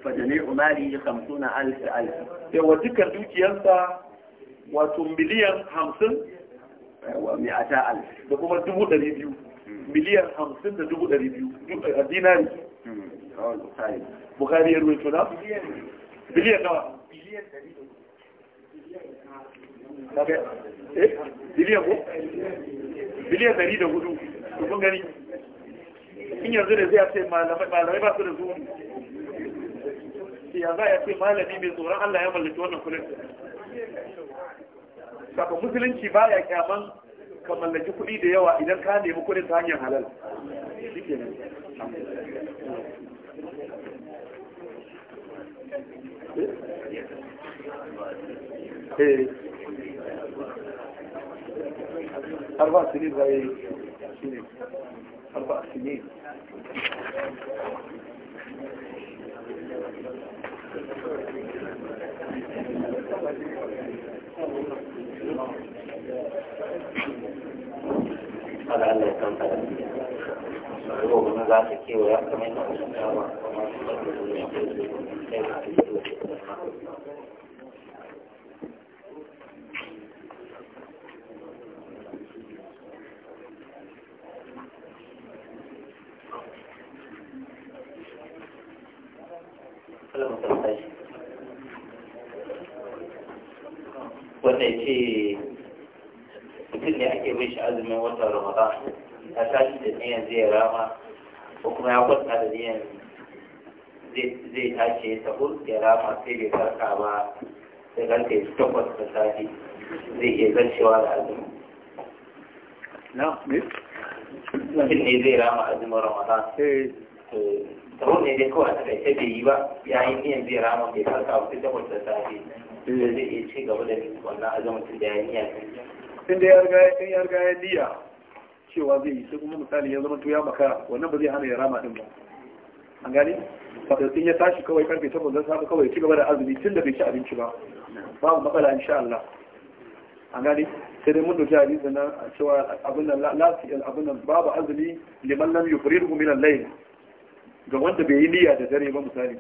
A: fajani umari dukkan dukiyarsa wato miliyan hamsin wa mi'ata da kuma dubu dari biyu miliyan hamsin da dubu ɗari biyu a dinari bukari yarwai tuna biliyan nawa eh, biliyan ko biliyan ɗari da hudu kun gani in yanzu da zai ce malamai ba su da zuwa ya za a ce malami mai tsoron allah ya mallaki wannan kulin saka musulunci ba ya kyaman ka mallaki kuɗi da yawa idan ka nemi kuɗin ta hanyar halal
B: Thank
C: you. kada Allah ya da shi ko kuma za ta kewa ya kamar wasu su da ce mutum ne ake bin shi azumin wata ramadan ya tashi da niyan zai rama ko kuma ya kwanta da niyan zai tashi ya sahur ya rama sai bai farka ba sai karfe takwas da safe zai iya zarcewa da azumi mutum ne zai rama azumin ramadan sahur eh. ne dai kawai a takaice bai yi ba ya yi niyan zai rama bai farka ba sai takwas da safe eh. zai iya ci gaba da wannan azumin da ya yi niyan inda ya riga ya ya riga ya niyya cewa zai yi sai kuma misali ya zama to ya
A: maka wannan ba zai hana ya rama din ba an gani wato ya tashi kawai karfe ta zan samu kawai ci gaba da azumi tun da bai ci abinci ba babu matsala insha Allah an gani sai dai mun dauki hadisi na cewa abin nan lafi abin nan babu azumi liman lam yufridu min al-layl ga wanda bai yi niyya da dare ba misali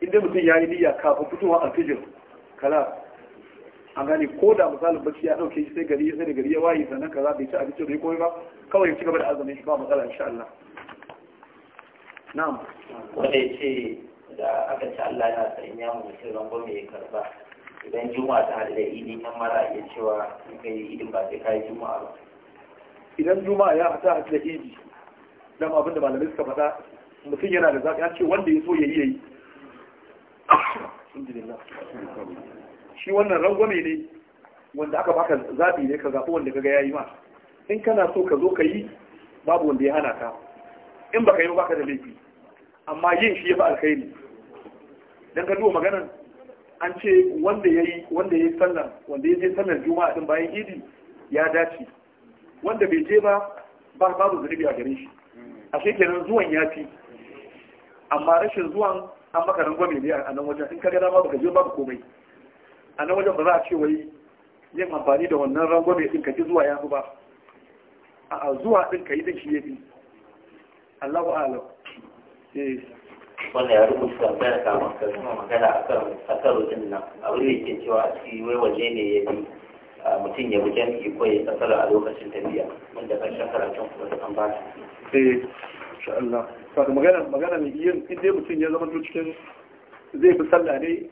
A: inda mutum ya yi niyya kafin fitowa alfijir kala an gane ko da misalin bacci ya dauke shi sai gari sai da gari ya waye sannan kaza bai ci abinci bai koyi ba kawai ya ci gaba da azumin shi ba matsala insha Allah
C: na'am wanda ce da aka ci Allah yana sai ya mu ran rango ya karba idan juma'a ta hada da idin nan mara ya cewa in kai idin ba sai kai juma'a ba
A: idan juma'a ya hada da idi dama abin da malamin suka faɗa mutum yana da zaɓi ya ce wanda ya so ya yi ya yi
B: <coughs> alhamdulillah
A: shi wannan rangwame ne wanda aka baka zaɓi ne ka zaɓi wanda kaga yayi ma in kana so ka zo ka yi babu wanda ya hana ka in baka yi ba baka da laifi amma yin shi ya fi alkhairi dan ka duba maganan an ce wanda yayi wanda yayi sallar wanda je sallar juma'a din bayan idi ya dace wanda bai je ba ba babu zunubi a gare shi ashe kenan zuwan ya fi amma rashin zuwan an maka rangwame ne a nan wajen in ka ga ba baka je babu komai a na wajen ba za a ce wai yin amfani da wannan rangwame din ka ji zuwa ya ba a zuwa din ka yi din shi ya fi
C: Allahu alam eh. wannan ya rubuta tambayar ka maka kuma magana a kan din nan a wuri ke cewa a ciki wai waje ne ya bi mutum ya bi jami'i ko ya a lokacin tafiya wanda karshen karatun kuma da an ba
B: shi eh
A: insha Allah saboda magana magana ne yin inda mutum ya zama cikin zai fi sallah ne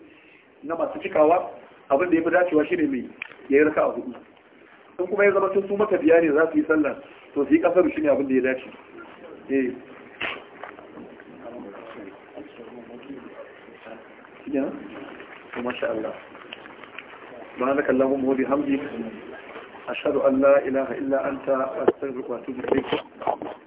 A: na masu cikawa abin da ya fi dacewa shi ne mai ya yi raka a hudu in kuma ya zama sun su matafiya ne za su yi sallah to su yi kasar shi ne abin da ya dace eh ya to masha Allah subhanaka allahumma wa bihamdika ashhadu an la ilaha illa anta astaghfiruka wa atubu ilayk